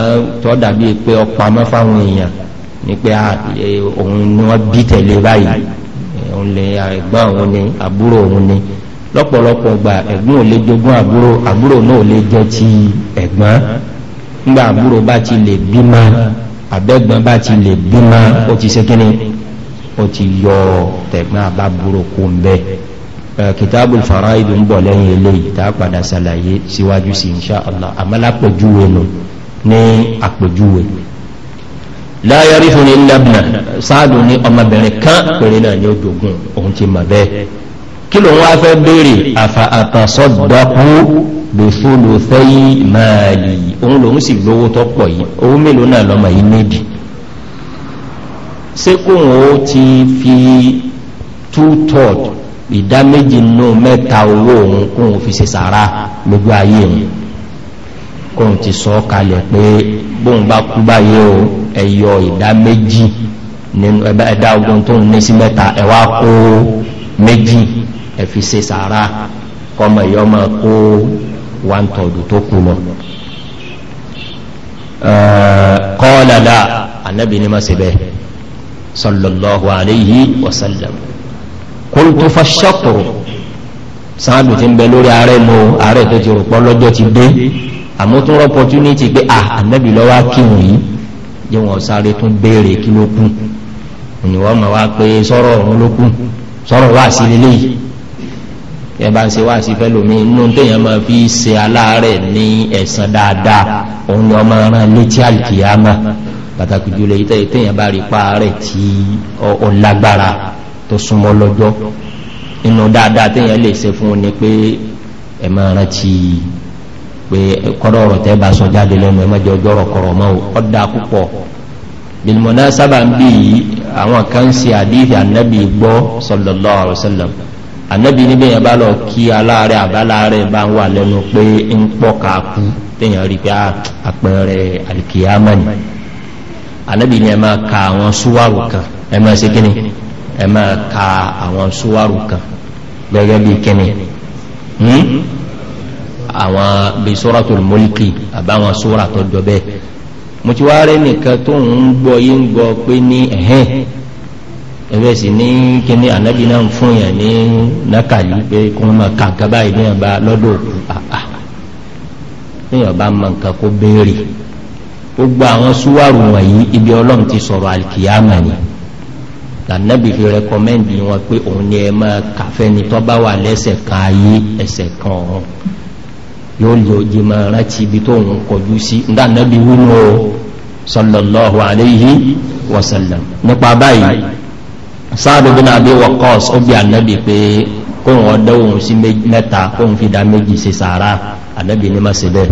tọ́ dàbí pé ọ̀pá mọ́ fáwọn èèyàn ní pé ah, ni wọ́n bí tẹ̀lé báyìí eh, òun lè ẹ̀gbọ́n òun ni àbúrò òun ni lọ́pọ̀lọpọ̀ gba ẹ̀gbọ́n ò lè jogún àbúrò àbúrò náà ò lè jẹ́ ti ẹ̀gbọ́n nígbà àbúrò bá ti lè bímọ àbẹ́gbọ́n bá ti lè bímọ ó ti ṣe kíni ó ti yọ tẹ̀gbọ́n àbábúrò kó ń bẹ́ eh, kìtàbù fara ìdùn bọ̀ lẹ́yìn eléyìí tá a padà ṣàlàyé síwájú sí inṣáàlá àmàlápẹ̀júwe nù ní àpèjúwe. No, láyé rí fún ilẹ̀ abìnà sáàdù ní ọmọbìnrin kan pèrè náà ní ojogun ohun ti mọ̀ bẹ́ẹ̀ kí ló ń wá fẹ́ béèrè àfà àtàsọ́dọ́kú lè fóònù fẹ́yì máa lè òun lòun sì lówó tó pọ̀ yìí owó mélòó náà lọ́mọ yìí méjì ṣé kò ti fi two-third ìdá méjì nù mẹ́ta owó òun kò wọ́n fi ṣe sàrà lójú ayé òun kò wọ́n ti sọ ọ́ kalẹ̀ pé bóun bá kú báyé o ẹ̀yọ ìdá méjì nínú ẹ̀dá ogun tó ń ní sí mẹ́ta ẹ̀wà kó méjì ẹ̀fi ṣe sàárà kọmọ ẹ̀yọ́ máa kó one third tó kù lọ. kọ́ọ̀lá la anabi ni ma ṣe bẹ́ẹ̀ sallallahu alayhi wa sallam kóńtó fa ṣàkóró sáàdù ti ń bẹ lórí ààrẹ mọ ààrẹ tó ti rò pọ́ lọ́jọ́ ti dé àmótúnrọ́ opportunity pé à ah, ànábì lọ́wọ́ kírun yìí jẹ́ wọn sáré tún béèrè kí ló kún òníwọ́ ma wá pé sọ́rọ̀ òun ló kún sọ́rọ̀ wá sí lélẹ́ yìí ẹ bá ń ṣe wá sí fẹ́lómi inú téèyàn máa fi ṣe aláàárẹ̀ ní ẹ̀sán dáadáa òun ni ọmọ rán létí àlùkìyàmá pàtàkì jùlọ yìí téèyàn bá rí pa rẹ̀ tí ó lágbára tó súnmọ́ lọ́jọ́ inú dáadáa téèyàn lè ṣe fún un ni pé ẹ̀ máa rántí pé kọ́dọ̀ ọ̀rọ̀ tẹ́ bá sọ jáde lẹ́nu ẹ mọ́jọ ọjọ́ ọ̀rọ̀ kọ̀rọ̀ mọ́ ọ̀dà púpọ̀ bilimọ̀nà sábà ń bí yìí àwọn kan sí àdíhì ànábì gbọ́ sọlọ́lọ́ àrùsọ́lọ́ ànábì níbẹ̀ yẹn bá lọ kí aláàrẹ àbáláàrẹ bá ń wà lẹ́nu pé ń pọ̀ káàkú téèyàn rí pé ah, àpẹẹrẹ àlìkìyámánì ànábì ni ẹ máa ka àwọn súwárù kan ẹ máa ṣe kíni ẹ máa ka àwọn súwárù kan gẹ́gẹ́ bí kíni. Hmm? àwọn bíi suratul mulki àbáwọn sóra tó jọ bẹ́ẹ̀ mo ti wá rẹ́ nìkan tó ń gbọ́ yí ń gbọ́ pé ní ẹ̀hẹ́n ẹ̀fẹ́ sì ní kíní ànábì náà fún yẹn ní nákàlí pé kí wọ́n máa ka nǹkan báyìí ní ọba lọ́dọ̀ òkú àà ní ọba máa nǹkan kó béèrè gbogbo àwọn súwárù wọ̀nyí ibi ọlọ́run ti sọ̀rọ̀ àlìkìyàmà ni lànàbì fi rẹkọmẹ́ndì wọn pé òun ni ẹ máa kàfẹ́ ni tọ́ bá wà lẹ́sẹ̀ kan ayé ẹsẹ̀ kan ọ̀run yóò lè ojì máa rántí ibi tó ń kọjú sí ńdá nàbí wínú o sallallahu alayhi wa sallam nípa báyìí sáàdù bí nàbí waqas ó bí ànábì pé kóun ọdọ́wọ̀n sí mẹ́ta kóun fi dá méjì sí sàárà ànábì ní máa ṣe bẹ́ẹ̀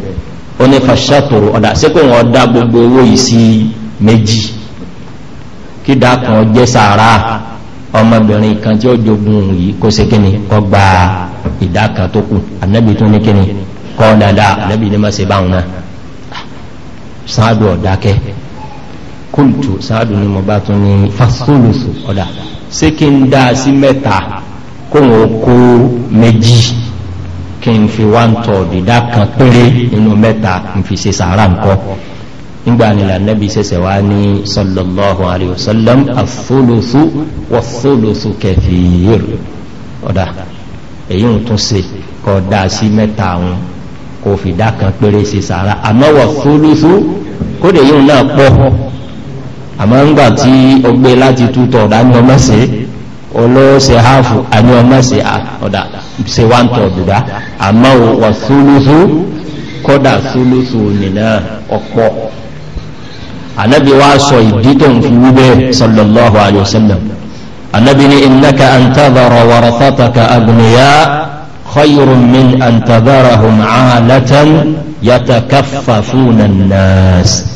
ó ní fàṣàtòrò ọ̀dà sí kóun ọdá gbogbo owó yìí sí méjì kí dákan jẹ́ sàárà ọmọbìnrin kan tí ó jogun yìí kó ṣe kíni kó gba ìdá tó kù ànábì tó ní kíni kọ́ dáadáa ànábì ní máa ṣe na. náà sáádù ọ̀dákẹ́ kóòtù sáádù ni mo bá tún ní fásitólùsù ọ̀dà ṣé kí n dá sí mẹ́ta kóhun ó kó méjì kí n fi wá ń tọ̀ dídá kan péré nínú mẹ́ta n fi ṣe sàárà nǹkan nígbà nílà nẹ́bí sẹ̀sẹ̀ wá ní sọlọ́lọ́hùn àríwọ̀sọ́lọ́m àfólóṣù wọ́fólóṣù kẹfìyèrè ọ̀dà èyí ń tún ṣe kọ́ dá sí mẹ́ta àwọn kò fi dá kan péré sí sàárà àmọ́wọ̀ fúlùfú kó lè yóò náà pọ̀ àmọ́ ńgbà tí ó gbé láti tútọ̀ ọ̀dá ní ọmọ sí olóòsè háàfù àní ọmọ sí ọ̀dà sí wá ń tọ̀ dùdá àmọ́ wọ̀ fúlùfú kódà fúlùfú nìna ọ̀pọ̀ ànábi wa sọ ìdí tó ń fi wú sallallahu alayhi wa sallam ànábi ni innaka antadara warafataka agniya khayrun min an tadharahum 'alatan yatakaffafuna an-nas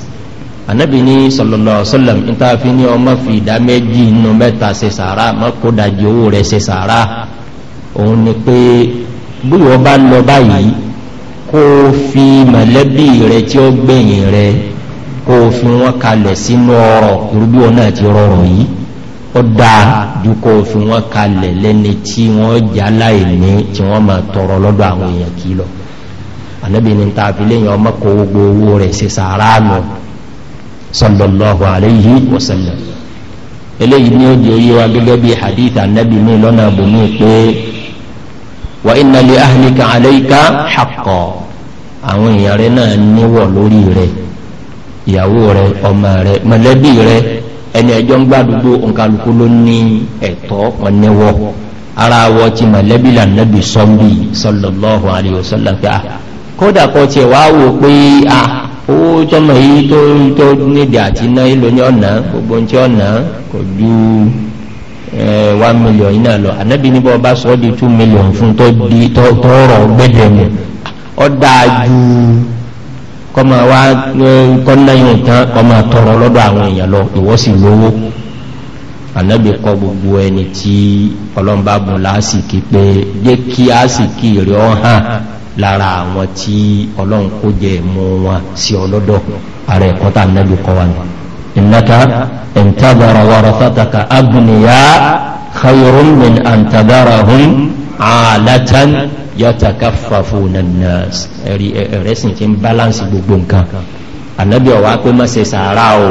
anabi ni sallallahu alaihi wasallam nta fi ni ọmọ fi ìdá méjì nínú mẹ́ta ṣe sàárà má kó dajì owó rẹ̀ ṣe sàárà òun ni pé bí wọ́n bá lọ báyìí kó o fi mọ̀lẹ́bí rẹ̀ tí ó gbẹ̀yìn rẹ̀ kó o fi wọ́n kalẹ̀ sínú ọrọ̀ irú bí wọn náà ti rọrọ̀ yìí ó dáa dúkọ́ fi wọ́n kalẹ̀ lẹ́ni tí wọ́n jà láìní tí wọ́n máa tọrọ lọ́dọ̀ àwọn èèyàn kí lọ ànábì ní ta fi léyìn ọmọ kó gbogbo owó rẹ̀ ṣe sàáránù sallallahu alayhi wa sallam eléyìí ni ó di oyé wa gẹ́gẹ́ bí hadith ànábì mi lọ́nà àbòmí pé wa inna li ahlika alayka àwọn èèyàn rẹ̀ náà níwọ̀ lórí rẹ̀ ìyàwó rẹ̀ ọmọ rẹ̀ mọ̀lẹ́bí rẹ̀ ẹni ẹjọ́ ń gbádùgbò òǹkàlùkú ló ní ẹ̀tọ́ ọ̀nẹ́wọ́ ara wọ ti mọ̀lẹ́bí lànàbì sọ́mbì sọlọ́lọ́hùn àríwọ̀sọ́lọ́fẹ́ à ah, kódà kọ́ ti wá wò pé à ah, owó tọmọ yìí tó tó nídìí àti ná ìlò ní ọ̀nà gbogbo ti ọ̀nà kò ju eh, one million yìí náà lọ ànábì níbo ọba sọ di two million fún tó rọ̀ gbẹ́dẹ̀ mu ọ́ dáa ju kọ́mọ wa kọ́nà yóò tán kọ́mọ tọrọ lọ́dọ̀ àwọn èèyàn lọ ìwọ sì lówó ànábì kọ gbogbo ẹni tí ọlọ́mbà bùn láásìkí pé jẹ́ kí áásìkí rẹ̀ ọ́ hàn lára àwọn tí ọlọ́run kó jẹ mú wọn sí ọlọ́dọ̀ ààrẹ ẹ̀kọ́ tá ànábì wa nù ìnáka ìntàbàrà wàrọ̀fàtàkà agbóníyà khayrun min àǹtàbàrà hun àlátán yàtàkàfàfò nànà ẹ̀rí ẹ̀rẹ́sìn tí ń bálánsì gbogbo nǹkan ànábì ọ̀wá pé má ṣe sàárà o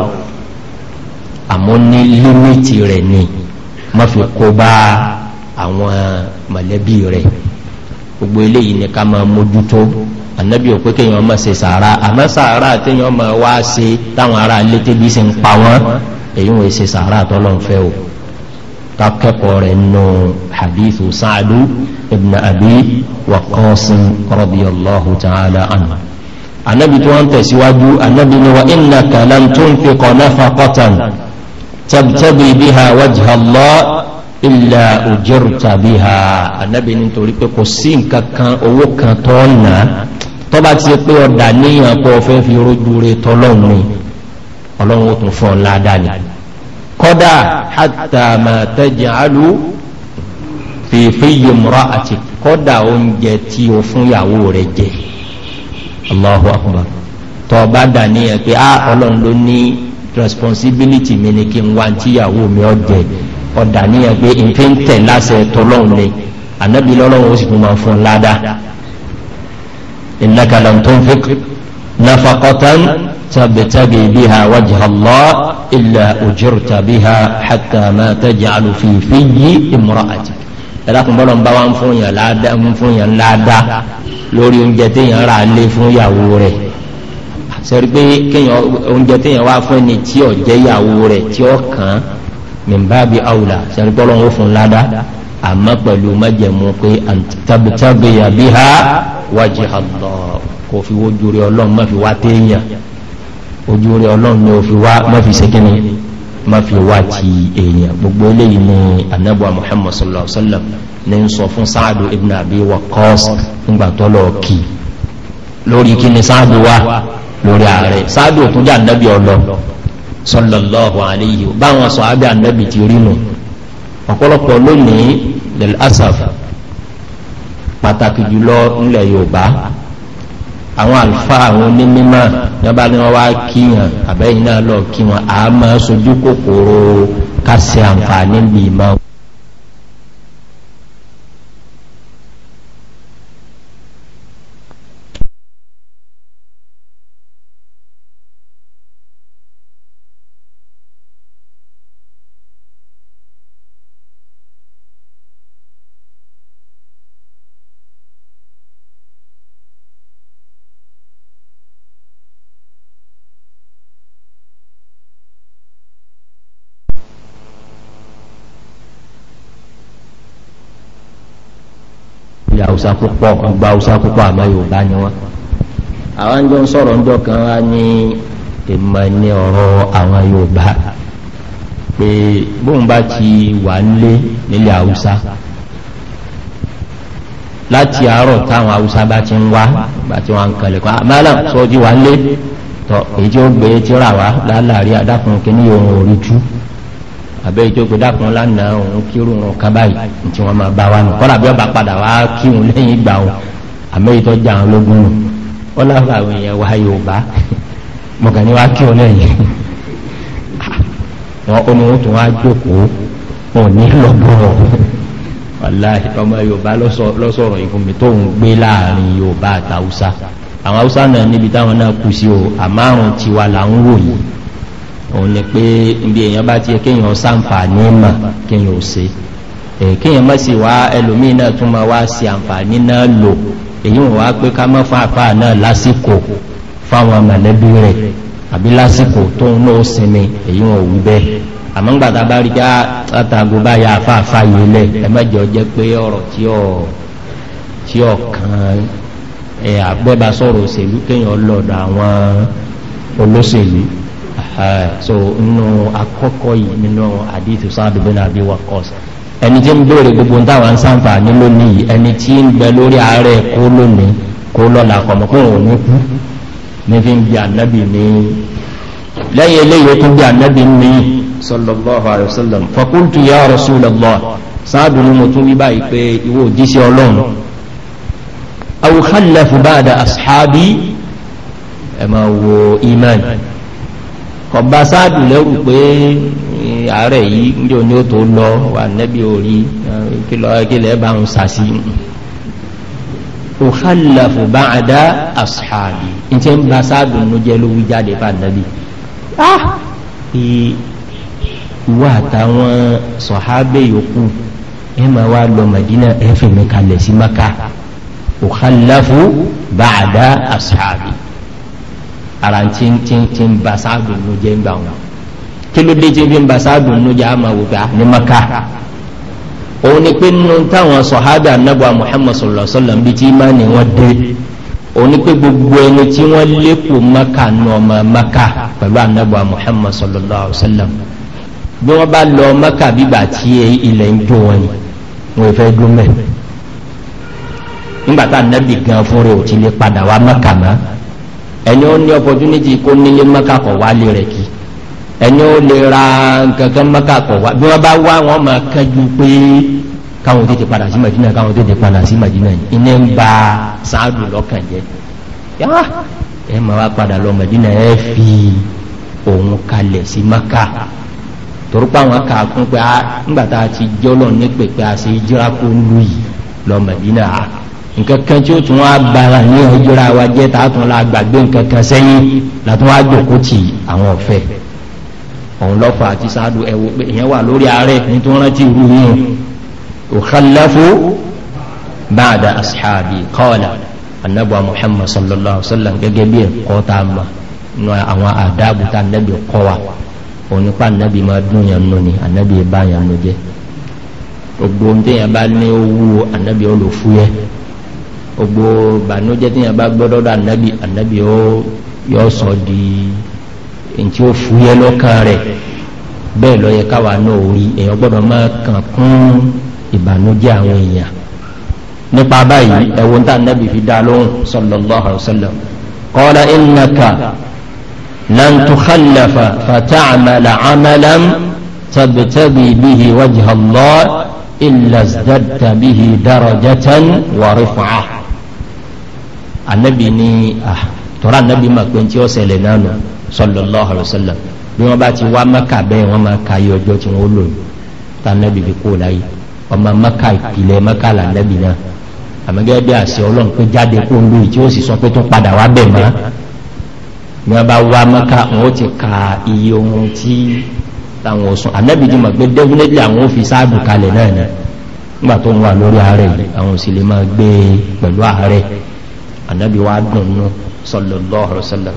àmọ́ ní límìtì rẹ̀ ni má fi kó bá àwọn mọ̀lẹ́bí rẹ̀ gbogbo eléyìí ni ká máa mójútó annabi ò pé kéèyàn máa ṣe sàárà àmọ́ sàárà téèyàn máa wá ṣe táwọn ará ilé tẹ́bí ṣe ń pa wọ́n èyí wọ́n ṣe sàárà tọ́lọ́n fẹ́ o kakẹ́kọ̀ọ́ rẹ̀ nù hadithu saadu ibn abi waqasin radiyallahu ta'ala anhu annabi tó ń tẹ̀síwájú annabi ni wa inna kalam tó ń fi kọ́ nafaqatan tabtabi biha wajha allah ilà òjòrò tàbí ha anabi nítorí pé kò sí nǹkan kan owó kan tó ń nà tó bá ti pé ọ̀dà níyàn pé ọ̀fẹ́ fi rójú rẹ̀ tọ́lọ́run ni ọlọ́run ó tún fún ọ ládàá ni kọ́dà hatta ma taj'alu fi fayyi imra'ati kọ́dà oúnjẹ tí o fún ìyàwó rẹ̀ jẹ Allahu akbar tó bá dà níyàn pé á ah, ọlọ́run ló ní responsibility mi ni kí n wá tí mi ọ jẹ ọ̀dà níyàn pé nfin tẹ̀ tọ́lọ́run ni ànábi lọ́lọ́run ó sì tún máa fún ọ ládàá. إنك lam تنفق نفقة تبتغي بها وجه الله إلا أجرت بها حتى ma taj'alu في fiyyi imra'atik ẹ̀dàkùn bọ́lọ̀ ń bá wọn fún yàn láàdá fún yàn láàdá lórí oúnjẹ téèyàn rà lé fún ìyàwó rẹ̀ sẹ́rí pé kéèyàn oúnjẹ téèyàn wá fún ẹni tí ó jẹ́ ìyàwó rẹ̀ tí ó kàn án min babi awla sẹ́rí bọ́lọ̀ ń fún láàdá àmọ́ pẹ̀lú mẹ́jẹ̀mú pé tàbítàbíyà bí ha wájì àlọ́ kò fi ojú rẹ̀ ọlọ́run má fi wá téèyàn ojú rẹ̀ ọlọ́run ni ó fi wá má fi ṣe kíni má fi wá ti èèyàn gbogbo eléyìí ni anábọ̀ muhammad sallallahu alaihi wa sallam ní ń sọ fún sáàdù ibn abi wa kọ́ọ̀sì nígbà tó lọ kì lórí kíni sáàdù wa lórí ààrẹ sáàdù òtún jẹ́ ànábì ọlọ sallallahu alaihi wa báwọn sọ àbí ànábì ti rí nù ọ̀pọ̀lọpọ̀ lónìí lẹ́lẹ́ asaf pàtàkì jùlọ ńlẹ̀ yorùbá àwọn àlùfáà àwọn onímọ̀ yọba ni wọ́n wá kíyàn àbẹ́yìn náà lọ kí wọn àá máa sojú kòkòrò kásì àǹfààní bíi máa. ilẹ̀ haúsá púpọ̀ ọgbà haúsá púpọ̀ àmọ́ yorùbá ni wọ́n. àwọn ń jọ ń sọ̀rọ̀ ńjọ kan wá ní ìmọ̀ ní ọ̀rọ̀ àwọn yorùbá pé bóun bá ti wà nílé nílẹ̀ haúsá láti àárọ̀ táwọn haúsá bá ti ń wá bá ti wọn kalẹ̀ kan àmàlà sọ́jí wà nílé tọ̀ èyí tí ó gbé tí ó rà wá lálàrí adákùnrin kìíní òun rí tú àbẹ́ ìjókòó dákùn lánàá òun kírun òun kan báyìí tí wọ́n máa bá wa nù kọ́lá bí ọba padà wá kírun lẹ́yìn ìgbà òun àmọ́ ìtọ́jà àwọn ológun nù wọ́n láwọn àwọn èèyàn wá yorùbá mọ̀gàní wá kírun lẹ́yìn wọn ó ní wọn tún wá jókòó wọn ò ní lọ́gbọ̀rọ̀ wàláhì ọmọ yorùbá lọ́sọ̀rọ̀ ìfúnmi tó ń gbé láàrin yorùbá àtàwùsá àwọn haúsá náà níbi táwọn náà kù sí o àmárùn tiwa là ń wò yìí òun ni pé ibi èèyàn bá ti kéèyàn sàǹfààní mà kéèyàn ò ṣe kéèyàn má sì wá ẹlòmíì náà tún máa wá sí àǹfààní náà lò èyí wọn wá pé ká má fàáfàá náà lásìkò fáwọn mọ̀lẹ́bí rẹ̀ àbí lásìkò náà sinmi èyí wọn ò ah, ya yìí lẹ̀ ẹ mẹ́jọ jẹ́ pé ọ̀rọ̀ tí kan ẹ̀ sọ̀rọ̀ Eh, so nínú akọ́kọ́ yìí nínú àdìtú sáàdù bẹ́ẹ̀ náà bí wà kọ́s ẹni tí ń béèrè gbogbo táwọn ń sàǹfà ní lónìí ẹni tí ń bẹ lórí ààrẹ kó lónìí kó lọ́la kọ̀mọ́kùn òun ní kú ní fi ń bí ànábì ní lẹ́yìn eléyìí tó bí ànábì ní sọlọ́lọ́hu àrẹ́sọ́lọ́m fọkúntù yà ọ̀rọ̀ sọlọ́lọ́ sáàdù ni mo tún wí báyìí pé ìwọ òjíṣẹ́ ọlọ́run àwòkálẹ̀ fún báàdà àṣàbí ẹ̀ máa wo iman kọba sáàdù lẹ́rù pé ààrẹ yìí ní òní ó tó lọ wà nẹ́bí orí kílẹ̀ bá ń sàsí òhàlàfò bá àdá àṣàbì ní tí ń bá sáàdù ní jẹ́ ló wí jáde bá nẹ́bí ah! ìwà àtàwọn sọ̀hábẹ̀ yòókù ẹ ma wá lọ màdínà ẹ̀fẹ̀ mẹ́kalẹ̀ sí maka òhàlàfò bá àdá àṣàbì ara ti ń ti ń ti ń ba sáàdù nù jẹ́ ń wọn kí ló fi ba sáàdù nù jẹ́ àmà wò pé ah, maka òun ni pé nínú táwọn sọ̀hádà anábọ̀ muhammad sọ̀rọ̀ sallam bí tí má ni wọ́n dé òun ni pé gbogbo ẹni tí wọ́n lékòó maka nù ọmọ maka pẹ̀lú anábọ̀ muhammad sọ̀rọ̀ sallam. bí wọ́n bá lọ maka bíbà tí ilẹ̀ ń jó wọn ni wọ́n fẹ́ dún mẹ́ nígbà tá anábì gan fúnra ò ti lè padà wá maka mọ́ ẹni ó ní opportunity kó nílé mọ́kàkọ̀ wá lè rẹ̀ kí ẹni ó lè ra kankan mọ́kàkọ̀ wá bí wọ́n bá wá wọn máa kánjú pé káwọn tètè padà sí Madina káwọn tètè padà sí Madina iná ń ba sáàdù lọ́kàn jẹ́ yá ẹ máa wá padà lọ Madina ẹ fi òun kalẹ̀ sí mọ́kà torúpá àwọn kàákún ah, pé a ńgbàtà ti jọ́lọ̀ ní pèpè àṣẹ ìjírákó lùyìí lọ Madina a nǹkan kan tí ó tún wá bára ní ọjọ́ra wa jẹ́ tààtún la gbàgbé nǹkan kan sẹ́yìn látún wá jòkó ti àwọn ọ̀fẹ́ òun lọ́fà àti sáàdù ẹ̀wọ̀ pé èèyàn wà lórí ààrẹ ní tó rántí irú yìí ò kálẹ́fó báàdà àṣàbí kọ́ọ̀lá anábọ̀ muhammad sallallahu alaihi wa sallam gẹ́gẹ́ bí ẹ̀kọ́ tá a mọ̀ nínú àwọn àdáàbò tá a kọ́ wa òun nípa anábì máa dún yàn nù ni anábì bá yàn nù jẹ́ gbogbo ohun yẹn bá ní owó anábì ó gbogbo bànújẹ́ tí yàn bá gbọ́dọ̀ ànábì ànábì yóò sọ di èyí tí ó fúyẹ́ lọ́kàn rẹ̀ bẹ́ẹ̀ lọ yẹ káwa náà orí èèyàn gbọ́dọ̀ máa kàn kún ìbànújẹ́ àwọn èèyàn nípa báyìí ẹ̀wọ̀n tá ànábì fi dá lóhùn sallallahu alaihi wasallam qala innaka lan tukhallafa fata'mala 'amalan tabtaghi bihi wajha Allah bihi darajatan wa anabi ní ah tọ́ra anabi mọ̀ pé tí ó ṣẹlẹ̀ náà sallallahu alaihi wasallam bí wọ́n bá ti wá mẹ́kà bẹ́ẹ̀ wọ́n máa ka yí ọjọ́ tí wọ́n lò tá anabi fi kó láyé ọmọ mẹ́kà ìpìlẹ̀ mẹ́kà là anabi náà àmọ́gẹ́ bí àṣẹ ọlọ́run pé jáde kó lù tí ó sì sọ pé tó padà wá bẹ̀ mọ́ ní wọ́n bá wá mẹ́kà wọ́n ti ka iye ohun tí táwọn ọ̀sán anabi ti mọ̀ pé definitely àwọn ò fi sáàbù kalẹ̀ náà ni nígbà tó ń wà lórí ààrẹ àwọn òsì lè máa gbé pẹ̀lú ààrẹ anabi wa dùn nù sallallahu alayhi wa sallam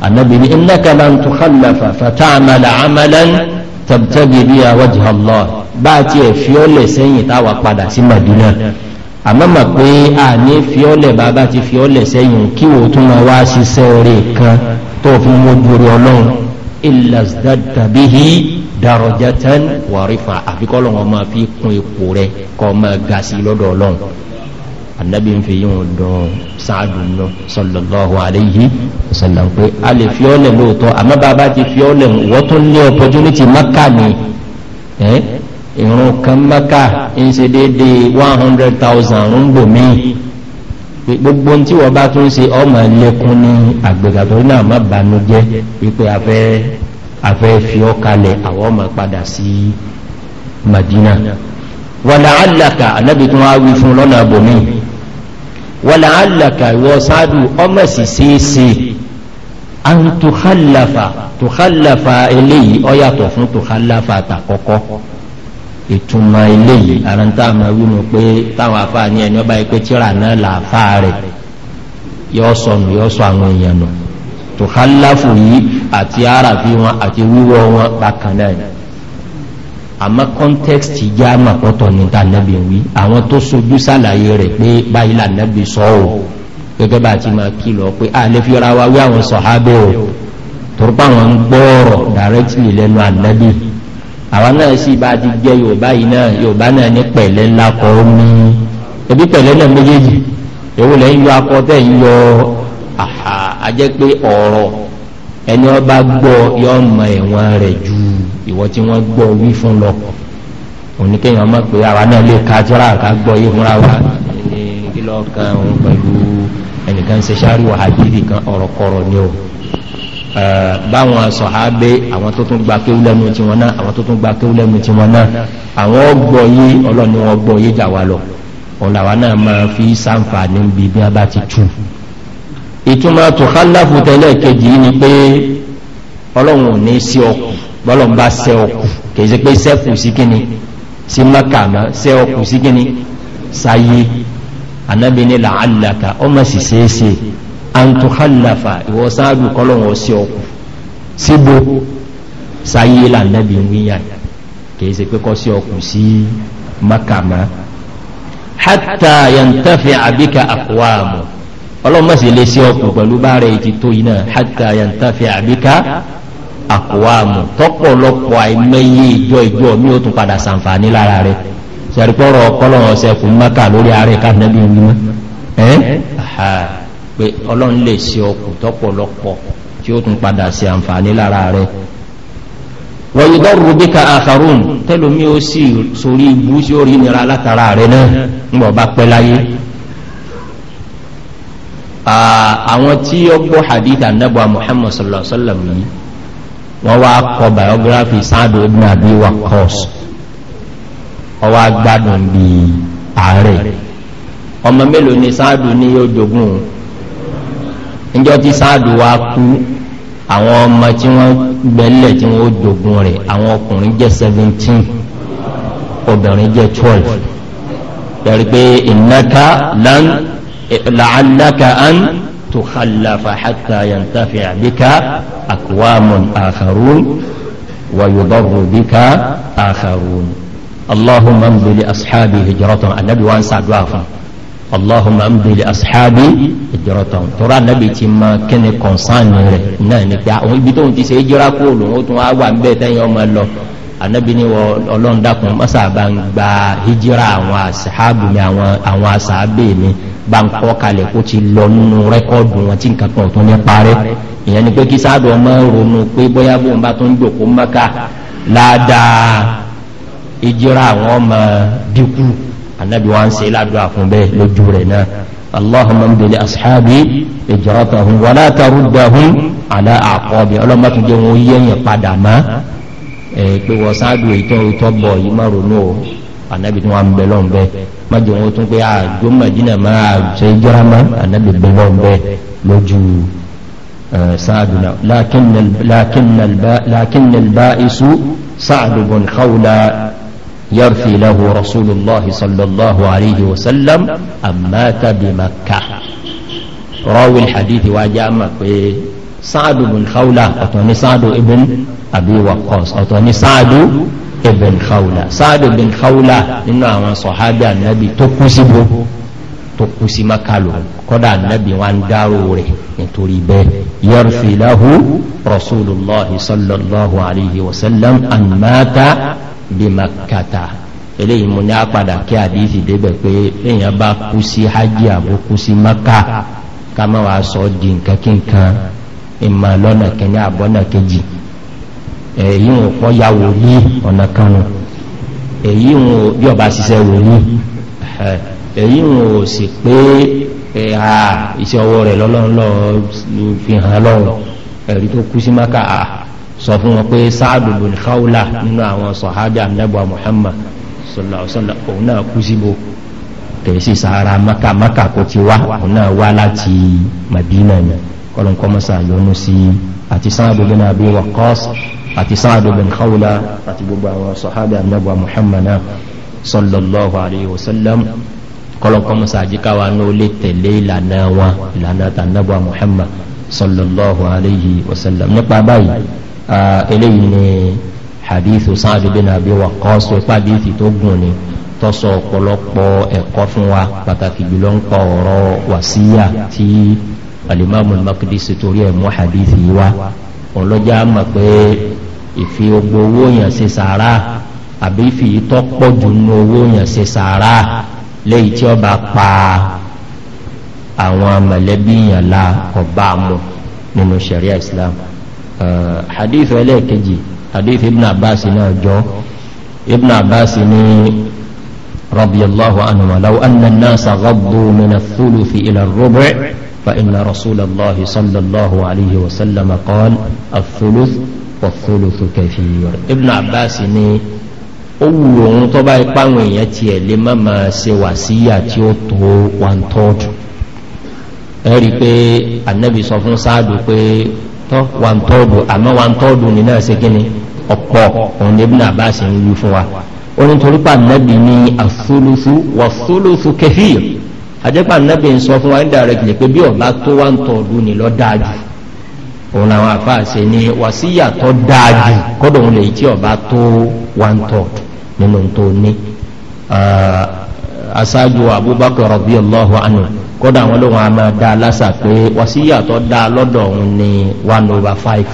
anabi ni innaka lan tukhallafa fata'mala 'amalan tabtagi biha wajha Allah bá a tiẹ̀ fi ọ́ lẹ̀ sẹ́yìn táwa padà sí Madina àmọ́ mà pé a ní fi ọ́ lẹ̀ bàbá ti fi ọ́ lẹ̀ sẹ́yìn kí wò ó tún máa wá ṣiṣẹ́ orí kan tó fi mú dúró ọlọ́run illa zdadta bihi darajatan wa rifa àfikọ́ lọ́wọ́ máa fi kún ipò rẹ̀ kọ́ máa ga sí lọ́dọ̀ ọlọ́run annabi ń fi yíò dùn sáàdùnú sallallahu alayhi sallam pé a lè fi ọ́lẹ̀ lóòtọ́ àmọ́ bàbá ti fi ọ́lẹ̀ wọ́n tó ní opportunity maka ni ìrùn kan maka ń ṣe dédé 100,000 ń gbò mí gbogbo tí wọ́n bá tún ṣe ọmọ ẹlẹ́kún ní àgbẹ̀gàtọ̀ náà má banú jẹ́ wípé afẹ́ fi ọ́ kalẹ̀ àwọn ọmọ padà sí madina wàlàálàkà anábìtún wá wí fún lọ́nà àbòmíì wọ́lá alàkà ìwọ sáàdù ọmọ sì ṣeéṣe an tuhallafa tuhallafa eléyìí ọ yàtọ̀ fún tuhallafa tàkọ́kọ́ ìtumọ̀ eléyìí ara ń tá a máa wí mu pé táwọn afáà ní ẹni ọba ìpè tíra náà là fáà rẹ̀ yọ sọnù yọ sọ àwọn èèyàn nù tuhallafu yìí àti ara wọn àti wíwọ wọn bákan náà àmọ́ context já mọ̀ pọ́tọ̀ ní ta nẹ́bí wí àwọn tó sojú sàlàyé rẹ̀ pé báyìí là nẹ́bí sọ ọ́ gẹ́gẹ́ bá ti máa kìlọ̀ pé a lè fi ra wa wí àwọn sọ̀hábẹ́ o torípa àwọn ń gbọ́ọ̀rọ̀ directly lẹ́nu ànẹ́bí àwọn náà sì bá ti jẹ́ yorùbá yìí náà yorùbá náà ní pẹ̀lẹ́ ńlá kọ́ ní ebi pẹ̀lẹ́ náà méjèèjì èwo lẹ́yìn yọ akọ tẹ̀ ń yọ àjẹ́ pé ọ̀rọ̀ ẹni ọba gbọ́ yọ ọmọ ẹ̀wọ̀n rẹ̀ jù ìwọ tí wọ́n gbọ́ wí fún lọ oníkéèyàn mọ̀ pé àwa náà lè ka tíra ká gbọ́ yé fúnra wa ní kílọ̀ kan òun pẹ̀lú ẹnìkan ṣe wàhálì kan ọ̀rọ̀kọ̀rọ̀ ni o báwọn sọ̀hábé àwọn tó tún gba kéwú lẹ́nu tí wọ́n náà àwọn tó tún gba kéwú lẹ́nu tí wọ́n náà àwọn ọgbọ̀ yí ọlọ́ni wọn gbọ́ yí jà wá lọ ọ̀làwà náà máa fi sáǹfààní bí bí a bá ti tù ìtumọ̀ tó kálàfù tẹ́lẹ̀ kejì ni pé ọlọ́run ò ní sí ọkùn bọ́lọ̀ ń bá sẹ́ ọkù kìí sí pé sẹ́kù sí kíni sí mọ́kàmá sẹ́ ọkù sí kíni sáyé anábi ní làálàkà ọmọ sì ṣeéṣe antuhallafa ìwọ sáàdù kọ́lọ̀wọ̀ sí ọkù síbo sáyé lànàbí wíyà kìí sí pé kọ́ sí ọkù sí mọ́kàmá hátà yàntàfẹ́ àbíkà àkọwàmù ọlọ́mọ sì lè sí ọkù pẹ̀lú bá rẹ̀ ètì tó yìí náà hátà yàntàfẹ́ àbíkà àkọwàmù tọ́pọ̀lọpọ̀ àìmẹ́yẹ ìjọ ìjọ mi ó tún padà sàǹfàní lára rẹ̀ ṣàrípọ̀rọ̀ ọkọ́lọ̀rọ̀ ọ̀sẹ̀ fún mẹ́kà lórí ààrẹ káàkiri mímọ́ ẹ́ pé ọlọ́run lè ṣe ọkù tọ́pọ̀lọpọ̀ tí ó tún padà sí àǹfàní lára náà bá pẹ́ muhammad sallallahu alaihi wasallam yìí wọ́n wá kọ biography sáàdù ibn abi wakos ọwá gbádùn bí ààrẹ ọmọ mélòó ni sáàdù ní yóò jogun níjọ́ tí sáàdù wá kú àwọn ọmọ tí wọ́n gbẹ́lẹ̀ tí wọ́n jogun rẹ̀ àwọn ọkùnrin jẹ́ 17 obìnrin jẹ́ 12 yẹ̀rí pé ìnáka la'allaka an تخلف حتى ينتفع بك أقوام آخرون ويضر بك آخرون اللهم امضي لأصحابي هجرة النبي وان سعدوافا اللهم امضي لأصحابي هجرة ترى النبي تما كان كونسان ناني بيتون تسي هجرة كولو وتوا وان بيتين يوم الله ànábì ní ọlọ́run dákun mọ́sàbá ń gba hijira àwọn àṣàbù mi àwọn àṣàbè mi bá ń kọ́ kalẹ̀ kó ti lọ nínú rẹ́kọ́ọ̀dù wọn tí nǹkan kan tó ní parẹ́ ìyẹn ni pé kí sáàdù ọmọ ronú pé bóyá bóun bá tó ń jòkó mọ́ká ládàá hijira àwọn ọmọ dínkù ànábì wọn ṣe ládùá fún bẹ́ẹ̀ lójú rẹ̀ náà اللهم امد لاصحابي اجرتهم ولا تردهم على اعقابي اللهم تجمعوا يين قدما Eh, pé wọ́n sáájú ìtọ́ ìtọ́ bọ̀ yìí má ronú o ànábì tí wọ́n ń bẹ̀ lọ́n bẹ́ májọ wọn tún pé àjò màjínà máa ṣe jẹ́ra má ànábì bẹ̀ lọ́n lójú eh, sáájú náà lákìn àbí wakọ́s ọ̀tọ̀ ní sáàdù ibn khawla sáàdù ibn khawla nínú àwọn sọ̀hábí ànábì tó kú sí bó tó kú sí makalo kọ́dà ànábì wọn ń dárò rẹ̀ nítorí bẹ́ẹ̀ yọrfi lahu rasulillahi sallallahu alayhi wa sallam anmata bi makkata eléyìí mo ní apàdà kí àdìsí débẹ̀ pé èèyàn bá kú sí hajj àbó kú sí maka ká má wàá sọ di nǹkan kí nǹkan ìmọ̀ lọ́nà kẹ́ni àbọ̀nà kejì èyí ń kọ́ ya wòlíì ọ̀nà kanu èyí ń bí ọba ṣiṣẹ́ wòlíì èyí ń sì pé ẹ̀ha iṣẹ́ ọwọ́ rẹ̀ lọ́lọ́lọ́ fi hàn lọ́wọ́ ẹ̀rí tó kú sí maka a sọ fún wọn pé sáàdù bùn káwùlà nínú àwọn sọ̀hábì àmìnàbọ̀ muhammad sọ̀làọ̀sọ̀là òun náà kú síbo kìí sahara maka maka kò ti wá òun náà wá láti madina ni kọ́lọ́nkọ́mọ́sá yọnu sí àti sáàdù bùn àbí wà kọ́ọ̀sì àti sáàdù bin khawla àti gbogbo àwọn sọ̀hábẹ̀ àmẹ́bà muhammad sallallahu alayhi wa sallam kọlọ̀kọ́ musa àjíkáwa ní ó lè tẹ̀lé ìlànà wọn ìlànà tànàbà muhammad sallallahu alayhi wa sallam nípa báyìí eléyìí ni hadith sáàdù bin abi wa kọ́ sọ ipá hadithi tó gùn ni tó sọ ọ̀pọ̀lọpọ̀ ẹ̀kọ́ fún wa pàtàkì jùlọ ń pa ọ̀rọ̀ wàsíyà tí alimami makidisi torí ẹ̀ mú hadithi wa òun lọ́jà mọ̀ pé ìfi gbogbo owó yàn ṣe sàárà àbí ìfi ìtọ́ pọ̀ jù nínú owó yàn ṣe sàárà léyìí tí ọba pa àwọn mọ̀lẹ́bí yàn la ọba mu nínú sharia islam hadith ẹlẹ́ẹ̀kejì hadith ibn abbas náà jọ ibn abbas ní rọ́bìyàlláhu anhu aláwọ̀ anna nasa rọ́bù mìíràn fúlù fi ilẹ̀ فإن رسول الله صلى الله عليه وسلم قال الثلث والثلث كثير ابن عباس ni owó ohun tó bá ipá àwọn èèyàn ti ẹ̀ lè máa máa ṣe wà síyà tí ó tó one third ẹ rí i pé anabi sọ fún sáàdù pé tó one third àmọ́ one third ni náà ṣe kí ni ọ̀pọ̀ òun ibn abbas ń wí fún wa ó ní torípa anabi ní àfúlùfú wà fúlùfú kẹfìrì àjẹ́pà nẹ́bẹ̀ ń sọ fún wa indirectly pé bí ọ̀bá tó wá ń tọ̀ọ̀dún ni lọ dáájú òun làwọn àfáà ṣe ni wàsíyà tó dáájú kọ́dọ̀ òun lè tí ọ̀bá tó wá ń tọ̀ nínú tó ní aṣáájú abubakar rabi allahu anu kọ́dọ̀ àwọn lóhun a máa dá lásà pé wàsíyà tó dá lọ́dọ̀ òun ni one over five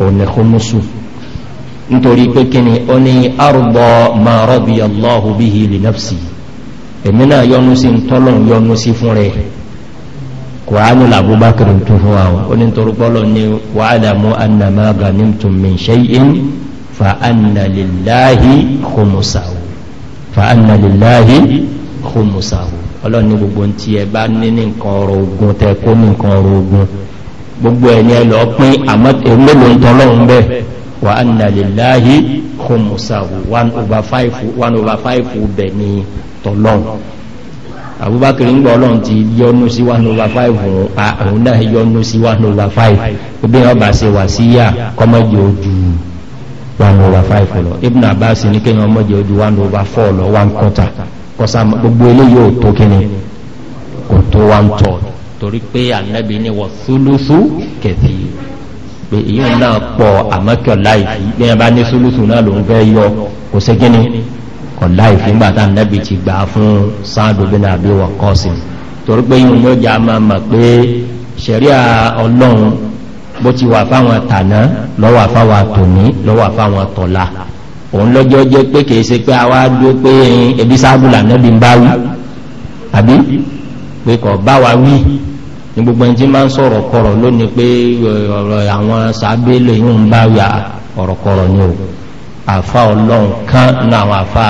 òun ni kúmùsù nítorí pé kíni ó ní arúgbó máa rọ́bì allahu bíhi lè nafsi yìí èmi náà yọnu sí ń tọ́lọ̀ yọnu sí fún rẹ̀ kòránù làbúbákìrì tó fún wa ó ní torí pọ́lọ̀ ní wàhálà mú annama ganimtum min shay'in fa anna lillahi khumusahu fa anna lillahi ọlọ́ni gbogbo tí ẹ bá ní nǹkan ọrọ̀ ogun tẹ kó ní nǹkan ọrọ̀ ogun gbogbo ẹ̀ ní ẹ lọ pín àmọ́ èmi ló ń tọ́lọ́run bẹ́ẹ̀ wà á nà lèláyé one over five one over five bẹ̀ ni tọ́lọ́n àbúbákiri ń gbọ́ ọlọ́run ti yọnu sí one over five òun náà yọnu sí one over five bí wọ́n bá ṣe wà síyà kọ́mọ́jì ojú one over five lọ ibn abbas ní kéèyàn ọmọdé ojú one over four lọ one quarter kọsá gbogbo eléyìí ò tó kíni kò tó one third torí pé ànábi ni wọ́n súlùsù kẹfì pé èyí náà pọ̀ àmọ́kẹ́ láìfí bí wọ́n bá ní sólùsù náà ló ń fẹ́ yọ kò sí gíní kọ̀ láìfí ńgbà tá nẹ́bi ti gbà fún sáàdù bí náà bí wọ́n kọ́ sí torí pé yìí ló jà máa mọ̀ pé sẹ̀ríà ọlọ́run bó ti wà fáwọn tàná lọ́wọ́ fáwọn tòní lọ́wọ́ fáwọn tọ̀la òun lọ́jọ́ jẹ́ pé kìí ṣe pé àwa dúró pé ebi sáàdù là nẹ́bi ń bá wí àbí pé kọ̀ bá wa wí ní gbogbo ẹni tí máa ń sọ̀rọ̀ kọ̀rọ̀ lónìí pé ọ̀rọ̀ àwọn sàbẹ̀ lèyìn ń bá wà ọ̀rọ̀ kọ̀rọ̀ ni o àfa ọlọ́run kan náà àwọn àfa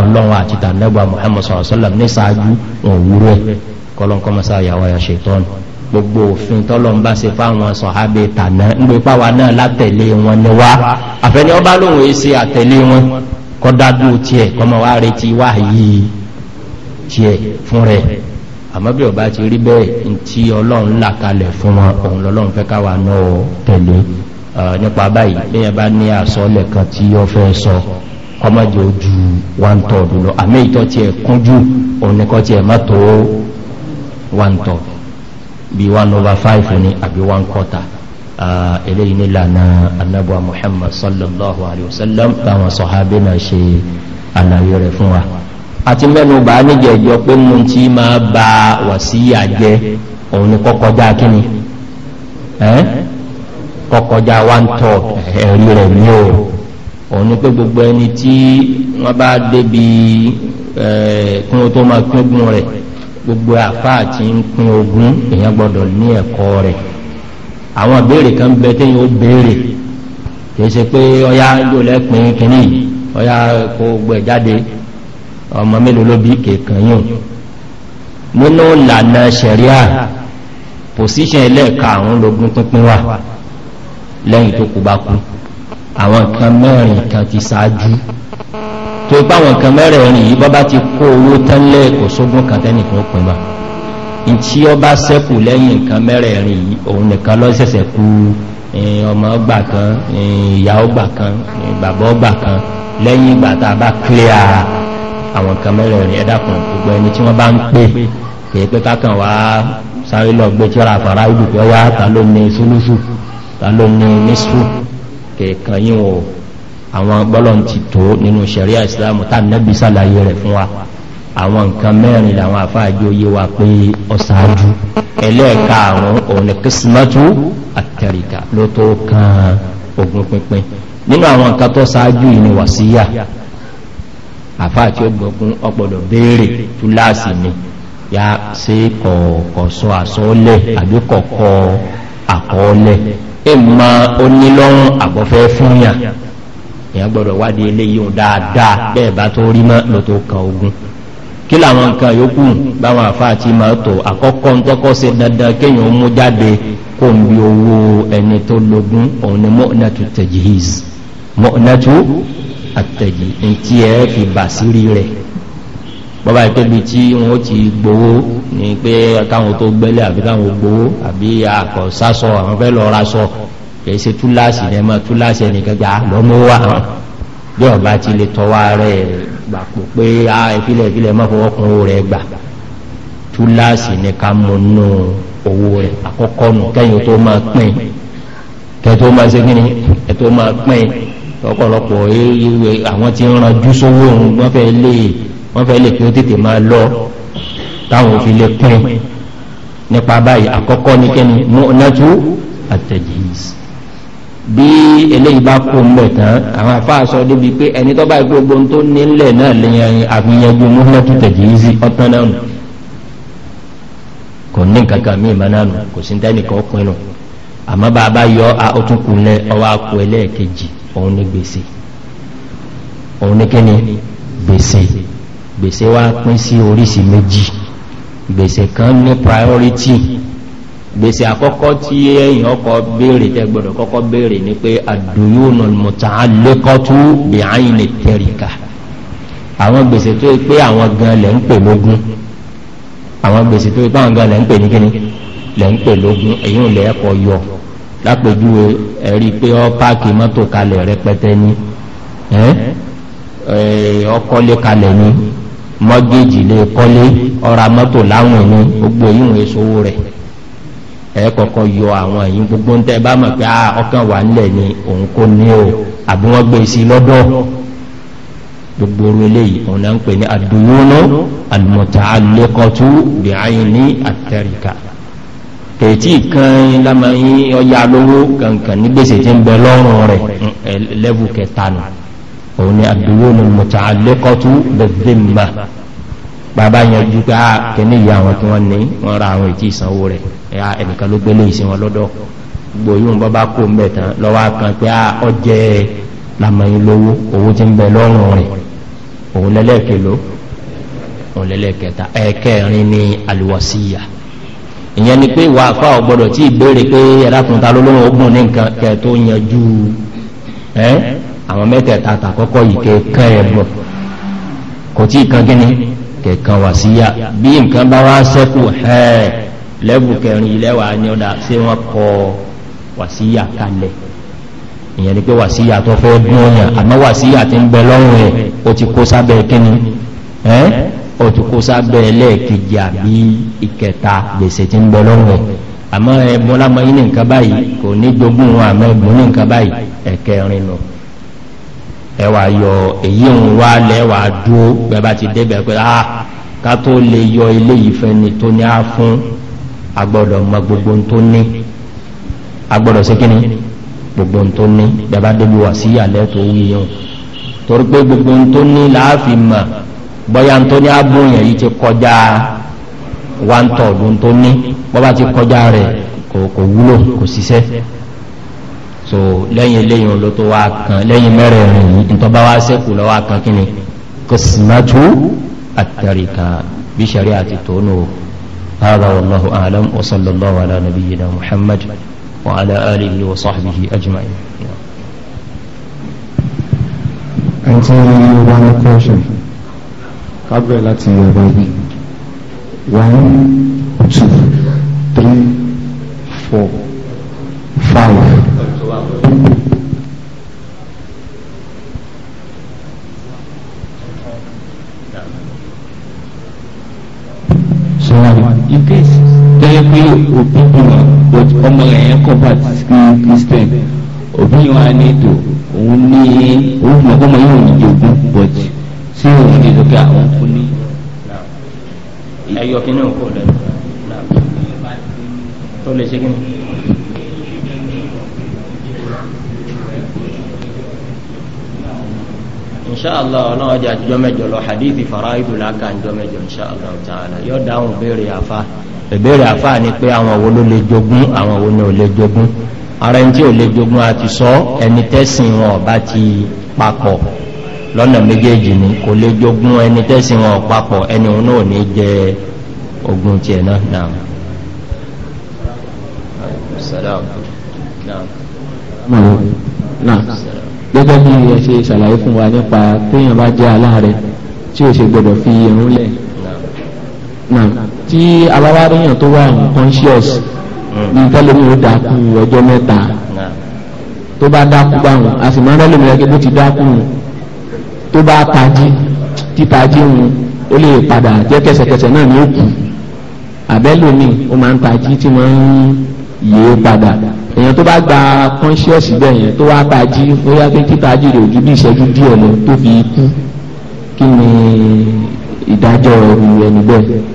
ọlọ́run àti tànẹ́gbà muhammed sọ̀rọ̀ sọ́làm ní ṣáájú òwúrọ̀ kọ́lọ́nkọ́ mọ́sá ìyàwó ya ṣètọ́nù gbogbo òfin tọ́lọ̀ ń bá se fáwọn sọ̀hábẹ̀ tàná nígbè páwa náà látẹ̀lé wọn ni wá àfẹ́ni ọba lóhun èsì àtẹ̀lé wọn kọ́ dájú tiẹ̀ kọ́mọ wa retí wáyé tiẹ̀ fún rẹ̀ àmọ́ bí ọba ti rí bẹ́ẹ̀ tí ọlọ́run là kalẹ̀ fún wọn òun lọ́lọ́run fẹ́ káwà náà tẹ̀lé nípa báyìí bẹ́ẹ̀ bá ní àsọ́lẹ̀ kan tí ó fẹ́ sọ kọmọ́jẹ ojú one third lọ àmì ìtọ́ tí ẹ kúnjú òun ní kọ́ tí ẹ má tó one bí one over five ni àbí one quarter eléyìí ní lànà anábọ̀ muhammad sallallahu alayhi wa sallam báwọn sọ̀hábẹ́ náà ṣe àlàyé rẹ̀ fún wa àti mẹ́nu bá níjẹ̀jọ pé mú tí ma bá wàsíyà jẹ́ òun ni kọ́kọjá kíni kọ́kọjá one third ẹ̀rí rẹ̀ ní o òun ni pé gbogbo ẹni tí wọ́n bá débi kún tó ma kúngun rẹ̀ gbogbo àfá àti ń kún ogun èèyàn gbọ́dọ̀ ní ẹ̀kọ́ rẹ̀ àwọn ìbéèrè kan bẹ téèyàn ó béèrè kì í ṣe pé ọyá ń lẹ́pin kínní ọyá kó gbẹ jáde ọmọ mélòó ló bí kèkàn yìí nínú ìlànà sẹ̀ríà pòsíṣàn ẹlẹ́ẹ̀ka àwọn ológun pínpín wà lẹ́yìn tó kú bá kú àwọn nǹkan mẹ́rin kan ti ṣáájú tó ipá àwọn nǹkan mẹ́rin yìí bọ́ bá ti kó owó tẹ́lẹ̀ kò sógún kan tẹ́nìkan ó pin bá ntí ọba sẹ́kù lẹ́yìn nǹkan mẹ́rin yìí òun nìkan lọ sẹ̀sẹ̀ kú ọmọ ọgbà kan ìyá ọgbà kan bàbá ọgbà kan lẹ́yìn ìgbà tá a bá clear àwọn kan mẹ́rẹ̀ẹ̀rin ẹ̀dàkùn gbogbo ẹni tí wọ́n bá ń pè kìí pé kákan wá sáré lọ gbé tíra àfàrà ìdùkú ẹ wá ta ló ní sólúsù ta ló ní nísù kìíkan yín o àwọn gbọ́lọ̀ ti tó nínú sẹ̀ríà ìsìlámù tá nẹ́bí sàlàyé rẹ̀ fún wa àwọn nǹkan mẹ́rin làwọn àfáàjò yé wa pé ọ̀sáájú ẹlẹ́ẹ̀kaàrún òun ni kìsìmọ́tú àtẹ̀ríkà ló tó kan ogun pínpín nínú àwọn nǹkan tó ṣáájú yìí ni wàsíyà àfáà tí ó gbọ́kún ọpọ̀lọ̀ béèrè túláàsì ni ya ṣe kọ̀ọ̀kọ̀ sọ àsọ́ọ́lẹ̀ àbí kọ̀ọ̀kọ̀ àkọọ́lẹ̀ ẹ ma ó ní lọ́rùn àbọ̀fẹ́ fún yà èèyàn gbọ́dọ̀ wádìí eléyìí òun dáadáa bẹ́ẹ̀ bá tó rí mọ́ ló tó kan ogun kí làwọn nǹkan yòókù báwọn àfáà tí máa tò àkọ́kọ́ ń tọ́kọ́ ṣe dandan kéèyàn mú jáde kó ń bi owó ẹni tó lógún òun ni mọ́ọ̀nà tó tẹ̀jì hìs mọ́ọ̀nà tó àtẹ̀jì tí ẹ fi bà sírí rẹ̀ bọ́bá ìpébi tí wọ́n ti gbowó ní pé káwọn tó gbẹ́lẹ̀ àbí káwọn gbowó àbí àkọ́ sásọ àwọn fẹ́ lọ raṣọ kìí ṣe túláàsì ní ẹmọ túláàsì ẹnìkan gbà lọ́mọ wà hàn bí ọba ti lè tọ́wọ́ rẹ̀ gbà pò pé a ìfilẹ̀ ìfilẹ̀ má fọwọ́ kun owó rẹ̀ gbà túláàsì ní ká mọ nù owó rẹ̀ àkọ́kọ́ nù kẹ́yìn tó máa pín kẹ́yìn tó máa ṣe kí ni kẹ́yìn tó máa pín ọ̀pọ̀lọpọ̀ ewé àwọn tí ń ranjú sówó òun wọ́n fẹ́ lè wọ́n fẹ́ lè kí ó tètè máa lọ táwọn òfin lè pín nípa báyìí àkọ́kọ́ ní kẹ́ni mọ́nàtú àtẹ̀jìs bí eléyìí bá kó mbẹ̀ tán àwọn afáàsọ débi pé ẹni tó báyìí gbogbo tó nílẹ̀ náà lẹ́yìn àfihànjú mọ́nàtú tẹ̀jìs ọ̀tán náà nù kò ní kankan mí ìmọ̀ náà nù kò sí ní tẹ́nìkan ọkùnrin nù òun ní gbèsè òun ní kíni gbèsè gbèsè wá pín sí oríṣi méjì gbèsè kan ní priority gbèsè àkọ́kọ́ tí ẹ̀yìn ọkọ̀ béèrè tẹ́ gbọ́dọ̀ kọ́kọ́ béèrè ni pé àdúyónà mọ̀tàlẹ́kọ́tú bí àyìn lè tẹ̀ríkà àwọn gbèsè tó yẹ pé àwọn gan lẹ̀ ń pè lógún àwọn gbèsè tó yẹ pé àwọn gan lẹ̀ ń pè ní kíni lẹ̀ ń pè lógún èyí ò lẹ́ẹ̀kọ́ yọ lápèjúwe ẹ̀rí pé ọ páàkì mọ́tò kalẹ̀ rẹpẹtẹ ni ọkọ́lé kalẹ̀ ni mọ́géèjì lè kọ́lé ọ̀ra mọ́tò láwọn ni gbogbo ìwọ̀n èso rẹ̀ ẹ kọ̀kọ́ yọ àwọn èyí gbogbo ń tẹ́ bá mọ̀ pé ah, ọkàn wà nílẹ̀ ni òun kò ní o àbí wọ́n gbé sí lọ́dọ̀ gbogbo orí eléyìí òun náà ń pè ní àdúgbò náà àlùmọ̀tà alẹ́kọ̀tù bìáyìn ní àtẹ̀ríkà kèétí kan lámà yí ọya lówó kankan ní gbèsè tí ń bẹ lọ́rùn rẹ̀ lẹ́bù kẹtànù òun ni àdúgbò ní mọ̀tà lẹ́kọ́tú bẹ̀bẹ̀mà bàbá yanjú pé a ah, kìíní ìyá àwọn tí wọ́n ní wọ́n ra àwọn ìtì ìsanwó rẹ̀ ẹ̀yà ah, ẹnìkan ló gbélé ìsìn wọn lọ́dọ̀ gbò yóò bọ́ bá kó mbẹ̀ tán lọ́wọ́ kan pé a ah, ọjẹ́ lámà yí lówó owó tí ń bẹ lọ́rùn rẹ̀ òun lẹ́lẹ́kẹ̀ló òun lẹ́lẹ́kẹta ẹ̀kẹrin ni àlùwàsíyà ìyẹn ni pé ìwà àfá ọ̀gbọ́dọ̀ tí ìbéèrè pé ẹ̀rákùnta lólóhùn ogun ní nǹkan kẹ tó yanjú ẹ́ àwọn mẹ́tẹ̀ẹ̀ta àtàkọ́kọ́ yìí kẹ̀ẹ̀kan ẹ̀bọ̀ kò tí ìkan gíní kẹ̀ẹ̀kan wà síyá bí nǹkan bá wá sẹ́kù ẹ̀ lẹ́bù kẹrin ilẹ́wà ni ọ̀dà sí wọn kọ wà síyá kalẹ̀ ìyẹn ni pé wà síyá tó fẹ́ dún ọ̀yàn àmọ́ wà síyá ti ń bẹ lọ́rùn ẹ̀ ó ti kó sábẹ́ kíní ẹ́ ọ̀tùkú sábẹ́ ẹlẹ́ẹ̀kejì àbí ìkẹta gbèsè tí ń bẹ lọ́wọ́ àmọ́ ẹ̀bùn lámọ́ yìí ní nǹkan báyìí kò ní jogún wọn àmọ́ ẹ̀bùn ní nǹkan báyìí ẹ̀kẹrin lọ ẹwà yọ èyí ń wá lẹ́wà dúó bẹ́ẹ̀ bá ti débẹ̀ pé a ah, ká tó lè yọ ilé yìí fẹ́ ni tó ní á fún agbọ́dọ̀ mọ gbogbo tó ní agbọ́dọ̀ sí kíni gbogbo tó ní bẹ́ẹ̀ débi wà sí ìyàlẹ́ tó wí torí pé gbogbo tó ní láàfin mọ̀ bọ́yá tó ní abúyàn yìí ti kọjá one third tó ní bọ́bá ti kọjá rẹ̀ kò wúlò kò síṣẹ́ so lẹ́yìn eléyìn ló tó wá kan lẹ́yìn mẹ́rẹ̀ẹ̀rin yìí tó bá wá sẹ́kù lọ́wọ́ kan kí ni kò sì má tú àtàríkà bí sẹ́rí àti tónú هذا والله أعلم وصلى الله على نبينا محمد وعلى آله وصحبه أجمعين. أنت one kábẹ̀rẹ̀ láti yorùbá bí one two three four five. so in case tẹ́lẹ̀ pé òbí bímọ but ọmọ rẹ̀ yẹn kọ́ bá ti christian òbí wa ní ètò òun ní òun mọ̀kọ́mọ yóò ní jogún tí òun ní lókè àwọn kú ní ẹyọ kí ní òkú lẹ́nu tó lè ṣe kí ni. inṣàlá ọlọ́run ọjà àtijọ́ mẹ́jọ lọ hadithi faraidu láka àtijọ́ mẹ́jọ inṣàlá ta'ala yóò dáhùn béèrè àfa ìbéèrè àfa ni pé àwọn wo ló lè jogún àwọn wo ni ò lè jogún ara ẹni tí ò lè jogún àti sọ ẹni tẹ́sìn wọn ọba ti papọ̀ lọ́nà méjèèjì ni kò lè jogún ẹni tẹ́sí wọn papọ̀ ẹni òun náà ní jẹ ogun tiẹ̀ náà náà gẹ́gẹ́ bí ẹ ṣe ṣàlàyé fún wa nípa téèyàn bá jẹ́ aláàrẹ tí ò ṣe gbọ́dọ̀ fi irun lẹ̀ náà tí aláwáríyàn tó wà mm. ní conscious ní tẹ́lẹ̀mí ó dákú ọjọ́ mẹ́ta tó bá dákú báwọn a sì máa ń rẹ́lẹ̀mí bó ti dákú tó bá tají títají òun ó lè padà jẹ́ kẹsẹ̀kẹsẹ̀ náà ní òkú àbẹ́lòmí ó máa ń tají tí máa ń yé padà èèyàn tó bá gba conscious bẹ́ẹ̀ yẹn tó wá tají ó yá pé títají rẹ̀ ojú bí ìṣẹ́jú díẹ̀ lọ tó fi kú kí ni ìdájọ́ ẹni bẹ́ẹ̀.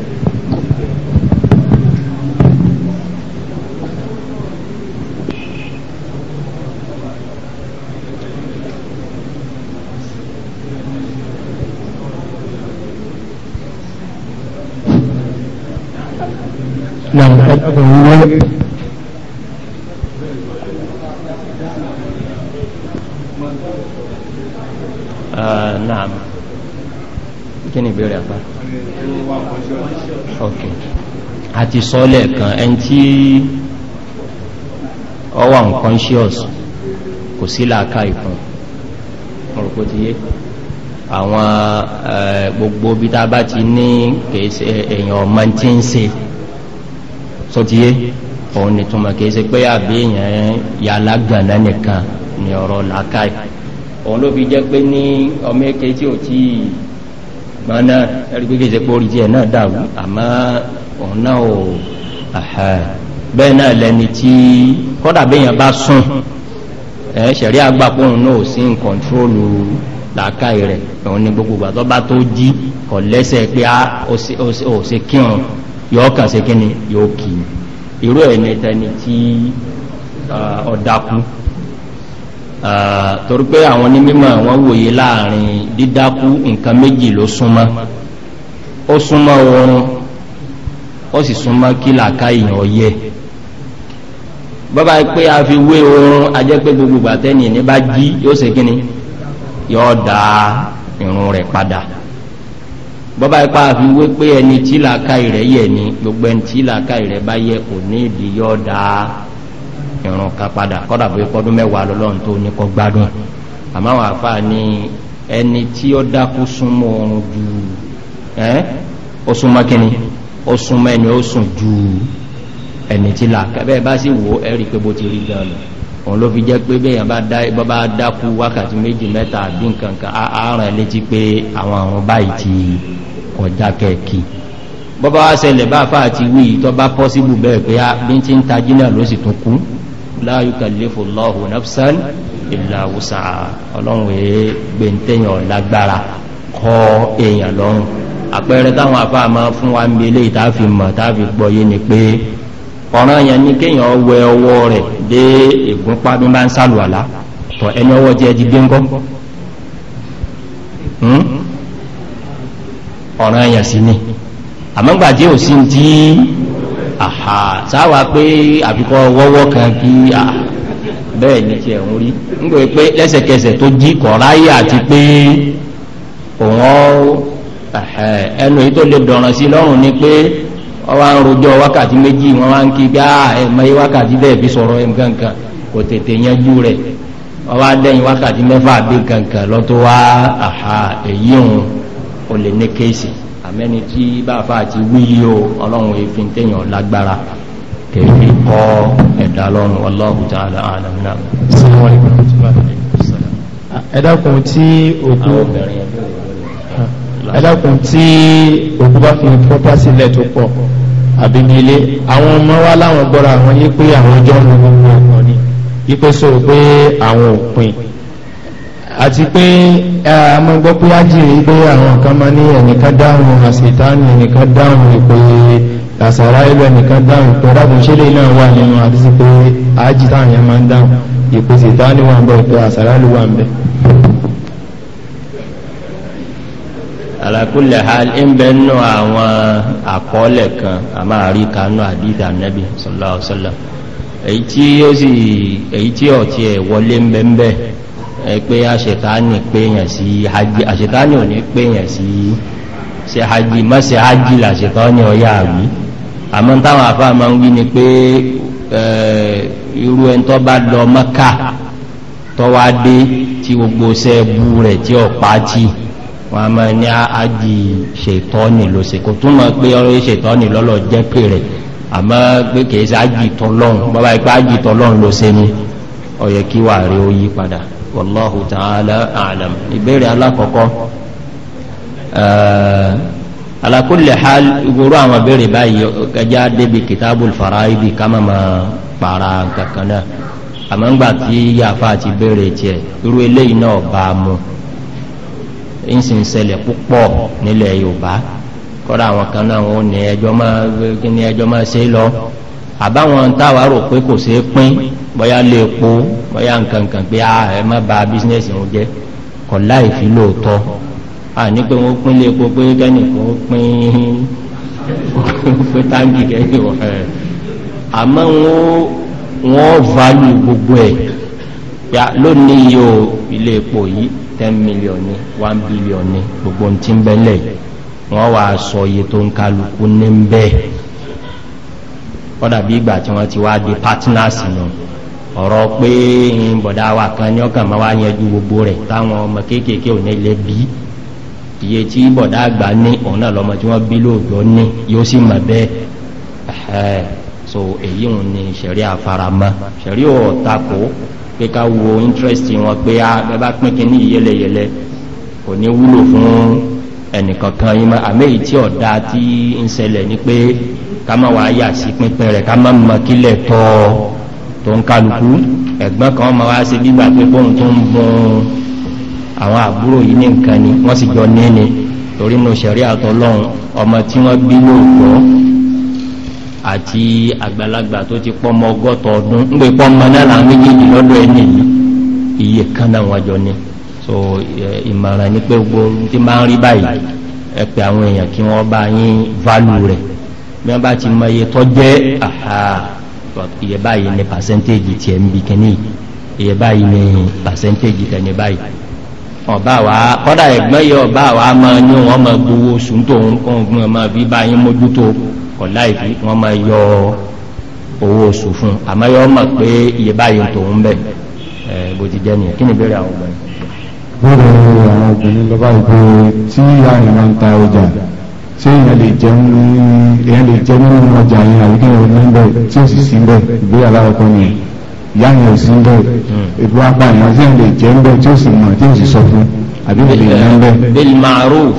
Uh, naam kí ni ìbéèrè àpá ok àti sọ́lẹ̀ kan ẹn tí ọ wà unconscious kò sí làákà ìfún ọ̀rọ̀pọ̀ ti yé àwọn uh, gbogbo bí tá bá ti ní kèèsè èèyàn ọmọ tí ń se sọ́tíyé òun ni túnmà kìí ṣe pé àbí èèyàn yà lágànà nìkan ni ọ̀rọ̀ làákàì òun ló fi jẹ́ pé ní ọmọ tí ò tí mọ́nà ẹ̀rí pé kìí ṣe pé orí náà dàrú àmọ́ òun náà ò bẹ́ẹ̀ náà lẹni tí kọ́dà béèyàn bá sùn ẹ̀ ṣẹ̀rí àgbàpọ̀n náà sí ń kọ̀ntrólù làákàì rẹ̀ òun ni gbogbo ìgbà bá tó jí kọ̀ lẹ́sẹ̀ pé ah, ó ṣe kírun yóò kà sí kíni yóò kì í irú ẹ̀ ní tẹni tí ọ̀dàkú torí pé àwọn onímọ̀ wọn wòye láàrin dídákú nǹkan méjì ló súnmọ́ ó súnmọ́ oorun ó sì súnmọ́ kí làákà èèyàn yẹ bọ́bá pé a fi wé oorun a jẹ́ pé gbogbo gbàtẹ́ni ní bá jí yóò ṣe kíni yóò da irun rẹ̀ padà bọ́bá ipá fi wé pé ẹni tí làákà rẹ̀ yẹ ni gbogbo ẹni tí làákà rẹ̀ bá yẹ kò ní ìdí yọ́ da ìrùn ká padà kọ́dà bó ikọ́dún mẹ́wàá lọ́lọ́run tó ní kọ́ gbádùn àmọ́ àwọn ni ẹni tí ó dákú súnmọ́ oorun ju ẹ́ ó súnmọ́ kíni ó súnmọ́ ẹni ó sùn ju ẹni tí làákà bẹ́ẹ̀ bá sì wò ẹ́ rí pé bó ti rí gan-an òun ló fi jẹ́ pé bẹ́yàn bá dákú wákàtí méjì mẹ́ta àbí nǹkankan àárán létí pé àwọn àwọn báyìí ti kọjá kẹ́ẹ̀kì bọ́bá wá sẹlẹ̀ bá fà àti wí tó bá pọ́síbù bẹ́ẹ̀ pé bí tí ń tají náà ló sì tún kú láyúkà léfò lọ́hù nafsan ìlàwùsà ọlọ́run èé gbẹ̀ntẹ́yàn lágbára kọ èèyàn lọ́rùn àpẹẹrẹ táwọn àfáà máa fún wa ń belé ìtàfi mọ̀ táàfi gbọ́yé ni pé ọ̀ràn yẹn ni kéèyàn wẹ ọwọ́ rẹ̀ dé ìgúnpá bí máa ń ẹni ọwọ́ jẹ́ ti dé ńkọ́ hmm? sì ni àmọ́gbà tí si ti pé àfikọ́ wọ́wọ́ kan ni rí pé tó jí àti pé òun ẹnu yìí tó lè ni pé. wọ́n wá ń rojọ́ wákàtí méjì wọ́n wá ń kí bí ah, ẹ̀mọ́ yí wákàtí bẹ́ẹ̀ bí sọ̀rọ̀ nǹkankan kò tètè yanjú rẹ̀ wọ́n wá dẹ́yìn wákàtí mẹ́fà bí nǹkankan lọ́tọ́ wá àhà èyí òun ò lè ní kéèsì àmẹ́ni tí báfà àti wíyí o ọlọ́run èéfin téèyàn lágbára kèéfì kọ́ ẹ̀dá lọ́rùn ọlọ́run tí a lọ àlàmínà. ẹ̀dá kan tí òkú obìnrin ẹlẹ́kùn tí òkú bá fi pọ́pá sílẹ̀ tó pọ̀ àbí ní ilé àwọn ọmọ wa láwọn gbọ́ra àwọn yí pé àwọn ọjọ́ ń lo gbogbo ọ̀kan ni yí pé sọ pé àwọn òpin àti pé àmọ́ gbọ́ pé ájìrì pé àwọn kan máa ní ẹnìkan dáhùn àṣetánì ẹnìkan dáhùn ìpè àṣàrá ìlú ẹnìkan dáhùn pé rábùn náà wà nínú àti pé ájì yẹn máa ń dáhùn ìpè ṣètánì wà ń bọ̀ ìpè àṣàrá ìlú wà ń bẹ̀. alákúlẹ̀ ìbẹ̀ nù àwọn àkọọ́lẹ̀ kan a máa rí kanú àdídà nẹ́bí sọ́lọ́ọ̀sọ́lọ́ èyí tí ó sì èyí tí ọ̀ tí ẹ̀ wọlé mẹ́mẹ́ pé àṣetáni péyàn sí hajji àṣetáni ò ní péyàn sí ṣe hajji má ṣe hajji làṣetáni ọ̀yá àrí àmọ́ táwọn àfáà máa ń wí ni pé irú ẹni tó bá lọ mọ́ká tọ́wádé tí gbogbo ṣẹ́ bú rẹ̀ tí ọ̀pá tí wọ́n a máa ní àájì ṣètọ́nì ló se kò túnmọ̀ pé ọ̀rọ̀ ṣètọ́nì lọ́lọ́ jẹ́ pé rẹ̀ àmọ́ pé kìí sí àájì tọ́lọ́run bọ́bá ipá àájì tọ́lọ́run ló se ní ọ̀yẹ̀ kí wà rí ó yí padà wọ́lọ́hù tààlà àlàm ìbéèrè alákọ̀ọ́kọ́ eh, alákùnlẹ̀ hal ìgboro àwọn béèrè báyìí gajá ń sì ń ṣẹlẹ̀ púpọ̀ nílẹ̀ yorùbá kọ́ra àwọn kan náà wọn ní ẹjọ́ máa kí ni ẹjọ́ máa ṣe lọ àbáwọn táwa rò pé kò ṣeé pín bóyá lè po bóyá nǹkan kan pé a ah, ẹ má ba bísínẹ́sì wọn jẹ́ kọ̀ láì fi lóòótọ́ a ní pé wọ́n pín lè po pé kẹ́nìkan ó pín pé táǹkì kẹ́kẹ́ wọ̀ value gbogbo ẹ̀ ya lónìí yóò ilé epo yìí ten million one billion gbogbo ti ń bẹ́lẹ̀ wọ́n wà sọ iye tó ń kálukú ní ń bẹ́ tí wọ́n ti wá di partners nù ọ̀rọ̀ pé bọ̀dá wa kan ní ọkàn máa wá gbogbo rẹ̀ táwọn ọmọ kéékèèké ò ní bí iye tí bọ̀dá ní òun náà tí wọ́n bí ní yóò sì mọ̀ bẹ́ẹ̀ so èyí òun ni ṣẹ̀rí àfaramọ́ ṣẹ̀rí ò pé ká wo interest wọn pé a ah, bá pín kí ní yẹlẹyẹlẹ kò ní wúlò fún ẹnìkankan yìí mọ́ àmì èyí tí ọ̀dá tí ń ṣẹlẹ̀ ni pé ká má wàá yà sí pínpín rẹ̀ ká má mọ kílẹ̀ tọ́ tó ń kálukú ẹ̀gbọ́n kan máa wá sí gbígbà pé fóun tó ń bọ́n àwọn àbúrò yìí ní nǹkan ni wọ́n sì jọ ní ni torí nù sẹ̀rí àtọ́lọ́run ọmọ tí wọ́n bí lóògbọ́ àti àgbàlagbà tó ti pọ́mọ ọgọ́ta ọdún ń pè pọ́mọ náà láàá méjèèjì lọ́dọ̀ ẹni yìí iye kan náà wájọ ni so ìmọ̀ràn ní pé gbogbo tí máa ń rí báyìí ẹ pé àwọn èèyàn kí wọ́n bá yín válù rẹ̀ bí wọ́n bá ti mọ iye tó jẹ́ àhà iye báyìí ni pàṣẹ́ntéèjì tiẹ̀ ń bi kíní iye báyìí ni pàṣẹ́ntéèjì tẹ̀ni báyìí ọba wa kọ́dà ẹ̀gbọ́n yẹ ọba wa máa ní wọn máa gbowó oṣù tó ń kọ́ ọgbọ́n kọ̀lá ìbí wọ́n máa yọ owó oṣù fún àmọ́ yọ mọ̀ pé iye báyìí tòun bẹ̀ bó ti jẹ́ nìyẹn kí ni ìbéèrè àwọn ọgbọ̀n bóòrò àwọn obìnrin lọ́bá ìgbé tí àrìn máa ń ta ọjà tí èèyàn lè jẹ́ nínú ọjà yẹn àríkẹ́ ìwọ̀n ní bẹ̀ tí ó sì sí bẹ̀ ìgbé aláwọ̀kọ́ ni ìyá yẹn ò sí bẹ̀ hmm. ìbú apá tí èèyàn lè jẹ́ ń bẹ̀ tí ó sì mọ̀ tí ó sì sọ fún àbí lè jẹ́ ń bẹ̀. bil ma'ruf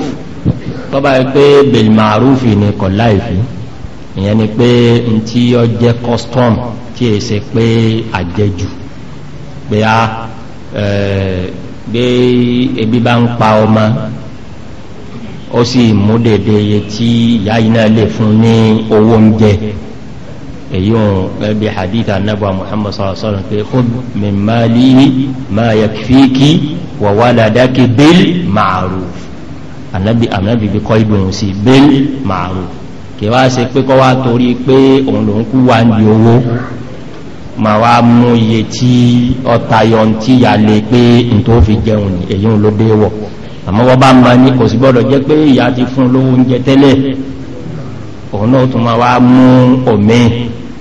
tọ́ba yẹ pé bil ma'ruf ni kọ̀ láìfín ìyẹn ni pé n tí ó jẹ́ custom tí è ṣe pé àjẹjù pé a gbé ebi bá ń pa ọmọ ó sì mú dèdè iye tí ìyá yìí náà lè fún ní owó oúnjẹ èyí òun gẹ́gẹ́ hadith anábọ̀ muhammad sallallahu alaihi wasallam pé khud min malihi ma yakfiki wa waladaki bil ma'ruf anabi anabi bi kọ́ ibùn sí bil ma'ruf kìwá ṣe pé kọ́ wá torí pé òun lòun kú wá ní owó ma wá mú iye tí ọtayọ tí yà lè pé n tó fi jẹun ní èyí ló dé wọ̀ àmọ́ wọ́n bá ma ní kò sí gbọ́dọ̀ jẹ́ pé ìyá ti fún lówó oúnjẹ tẹ́lẹ̀ òun náà tún ma wá mú òmíì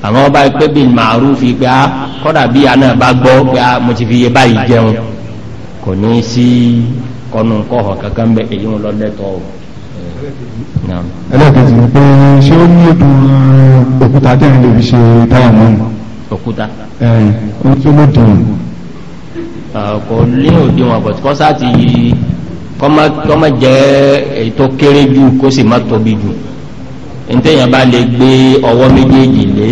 àmọ́ wọ́n bá pé bí màrú fi pé á ah, kọ́dà bí ìyá náà bá gbọ́ pé á ah, mo ti fi iye báyìí jẹun kò ní sí kọnu kọ́họ̀ kankan bẹ èyí lọ lẹ́tọ̀ọ́ ẹlẹ́ẹ̀kejì ni pé ṣé ó ní ètò eh, òkúta dẹ́rin lè fi ṣe táyà mọ́ òkúta ẹ̀yìn eh, ó tó ló dùn kò ní òdiwọ̀n àpọ̀tí kọ́ sáà ti kọ́mọ jẹ́ ètò kéré jù kó sì má tóbi jù ntẹ́yìn bá lè gbé ọwọ́ méjèèjì lé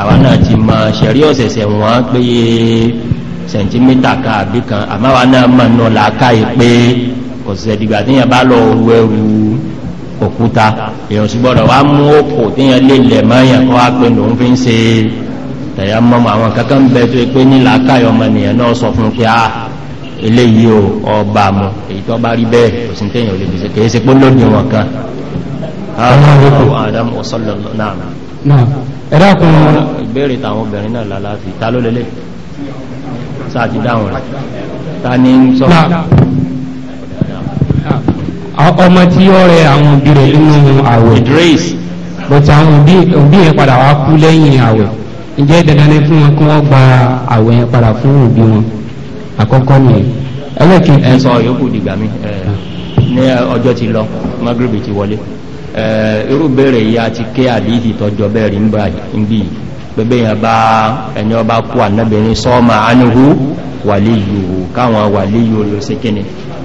àwa náà ti mọ ṣẹ̀rí ọ̀sẹ̀sẹ̀ wọ́n péye sẹ̀ntímítà kan àbí kan àmọ́ àwa náà mọ̀ nù làákàyè pé kò sẹ̀dìgbà téèyàn bá lọ ru ẹrù òkúta èèyàn sì gbọ́dọ̀ wá mú òkò téèyàn lè lẹ̀ mọ́yàn kọ́ wá pé lòun fi ń ṣe tẹ̀yà mọ́mọ́ àwọn kankan bẹ tó pé nílà káyọ̀ ọmọnìyàn náà sọ fún pé a ah, eléyìí o ọba mu èyí tó bá rí bẹ́ẹ̀ kò sí téèyàn ò lè fi ṣe kì í ṣe pé lóde wọn kan. ẹ dákun ìbéèrè tàwọn obìnrin náà lálá fi ta ló lélẹ̀ sáà ti dáhùn rẹ̀ ta ni sọ. ọmọ tí yọ rẹ àwọn òbí rẹ̀ nínú àwẹ̀ bọ̀tí àwọn òbí yẹn padà wá kú lẹ́yìn àwẹ̀ ǹjẹ́ dandan ni fún wọn kí wọ́n gba àwẹ̀ yẹn padà fún òbí wọn àkọ́kọ́ nìyẹn ẹlẹ́kìn. ẹ sọ yòókù dìgbà mi ní ọjọ́ ti lọ magrebi ti wọlé irú yìí àti ké tọjọ bẹ́ẹ̀ rí bẹ́ẹ̀ yẹn bá ẹni ọba kú sọ́ọ́mà káwọn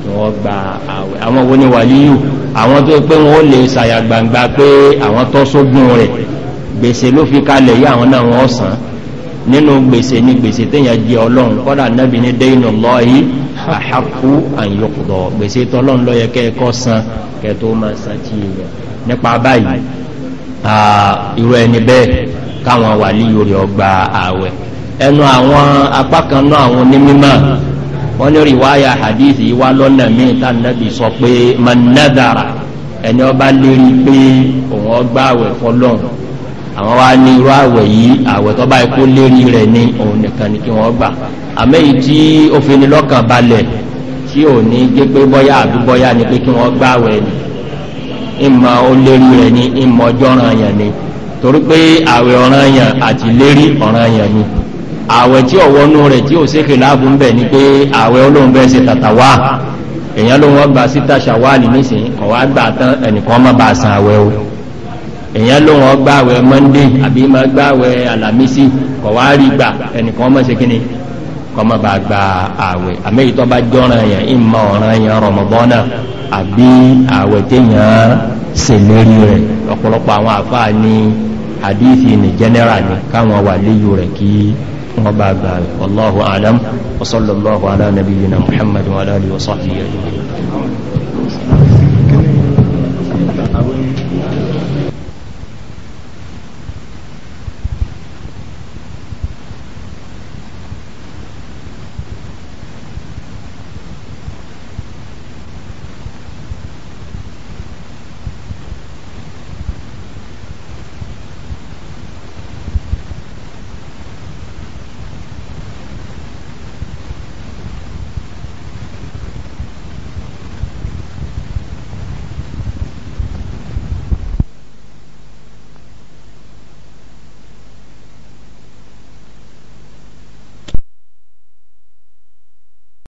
kí wọ́n gba àwẹ̀ àwọn wo ni wàlíyù àwọn tó pé wọ́n lè ṣàyà gbangba pé àwọn tó sógun rẹ̀ gbèsè ló fi kalẹ̀ yí àwọn náà wọ́n sàn nínú gbèsè ni gbèsè téèyàn jẹ ọlọ́run kọ́dà nábì ní dẹ́yìn ọlọ́ọ̀yì àhàkú àyọkùdọ̀ gbèsè tọ́lọ́run lọ́yẹ kẹ́ẹ̀kọ́ san kẹ́ẹ̀tọ́ máa san tí ilẹ̀ nípa báyìí irú ẹni bẹ́ẹ̀ káwọn wàlíyù rẹ̀ ọgbà àwẹ̀ ẹnu àwọn apá kan náà àwọn onímọ̀ wọ́n ní rìwáyà hadithi wá lọ́nà míì tá nàbì sọ pé manadara ẹni ọba lérí pé òun ọgbà àwẹ̀ fọlọ́run àwọn wa ní irú àwẹ̀ yìí àwẹ̀ tó bá ikú lérí rẹ̀ ní òun nìkan ni kí wọ́n gbà àmọ́ èyí tí ó fi ní lọ́kàn balẹ̀ tí ò ní gé pé bọ́yá àbí bọ́yá ni pé kí wọ́n gbà àwẹ̀ ni ìmọ̀ ó lérí rẹ̀ ní ìmọ̀ ọjọ́ ọ̀ràn yẹn ni torí pé àwẹ̀ ọ̀ràn yẹn àti lérí ọ̀ràn yẹn ni àwẹ̀ tí ọ̀wọ́nú rẹ̀ tí ò sékè láàbù ń bẹ̀ ni pé àwẹ̀ olóhùn bẹ́ẹ̀ ṣe tàtà wá èèyàn ló wọ́n gba síta ṣàwáàlì nísìnyí ọ̀wá gbà tán ẹnìkan má bàa san àwẹ̀ o èèyàn ló wọ́n gbà àwẹ̀ monday àbí má gbà àwẹ̀ alamisi kọ̀wá rí gbà ẹnìkan má ṣe kíni kọ́ má bàa gba àwẹ̀ àmẹ́yìí tó bá jọ́ràn yẹn ìmọ̀ ọ̀ràn yẹn rọ̀mọ̀bọ́nà àbí àwẹ̀ téèyàn ṣèlérí rẹ̀ ọ̀pọ̀lọpọ̀ àwọn àfáà ní àdífì ní general ní káwọn wà léyù rẹ̀ kí وبعد ذلك والله أعلم وصلى الله على نبينا محمد وعلى آله وصحبه أجمعين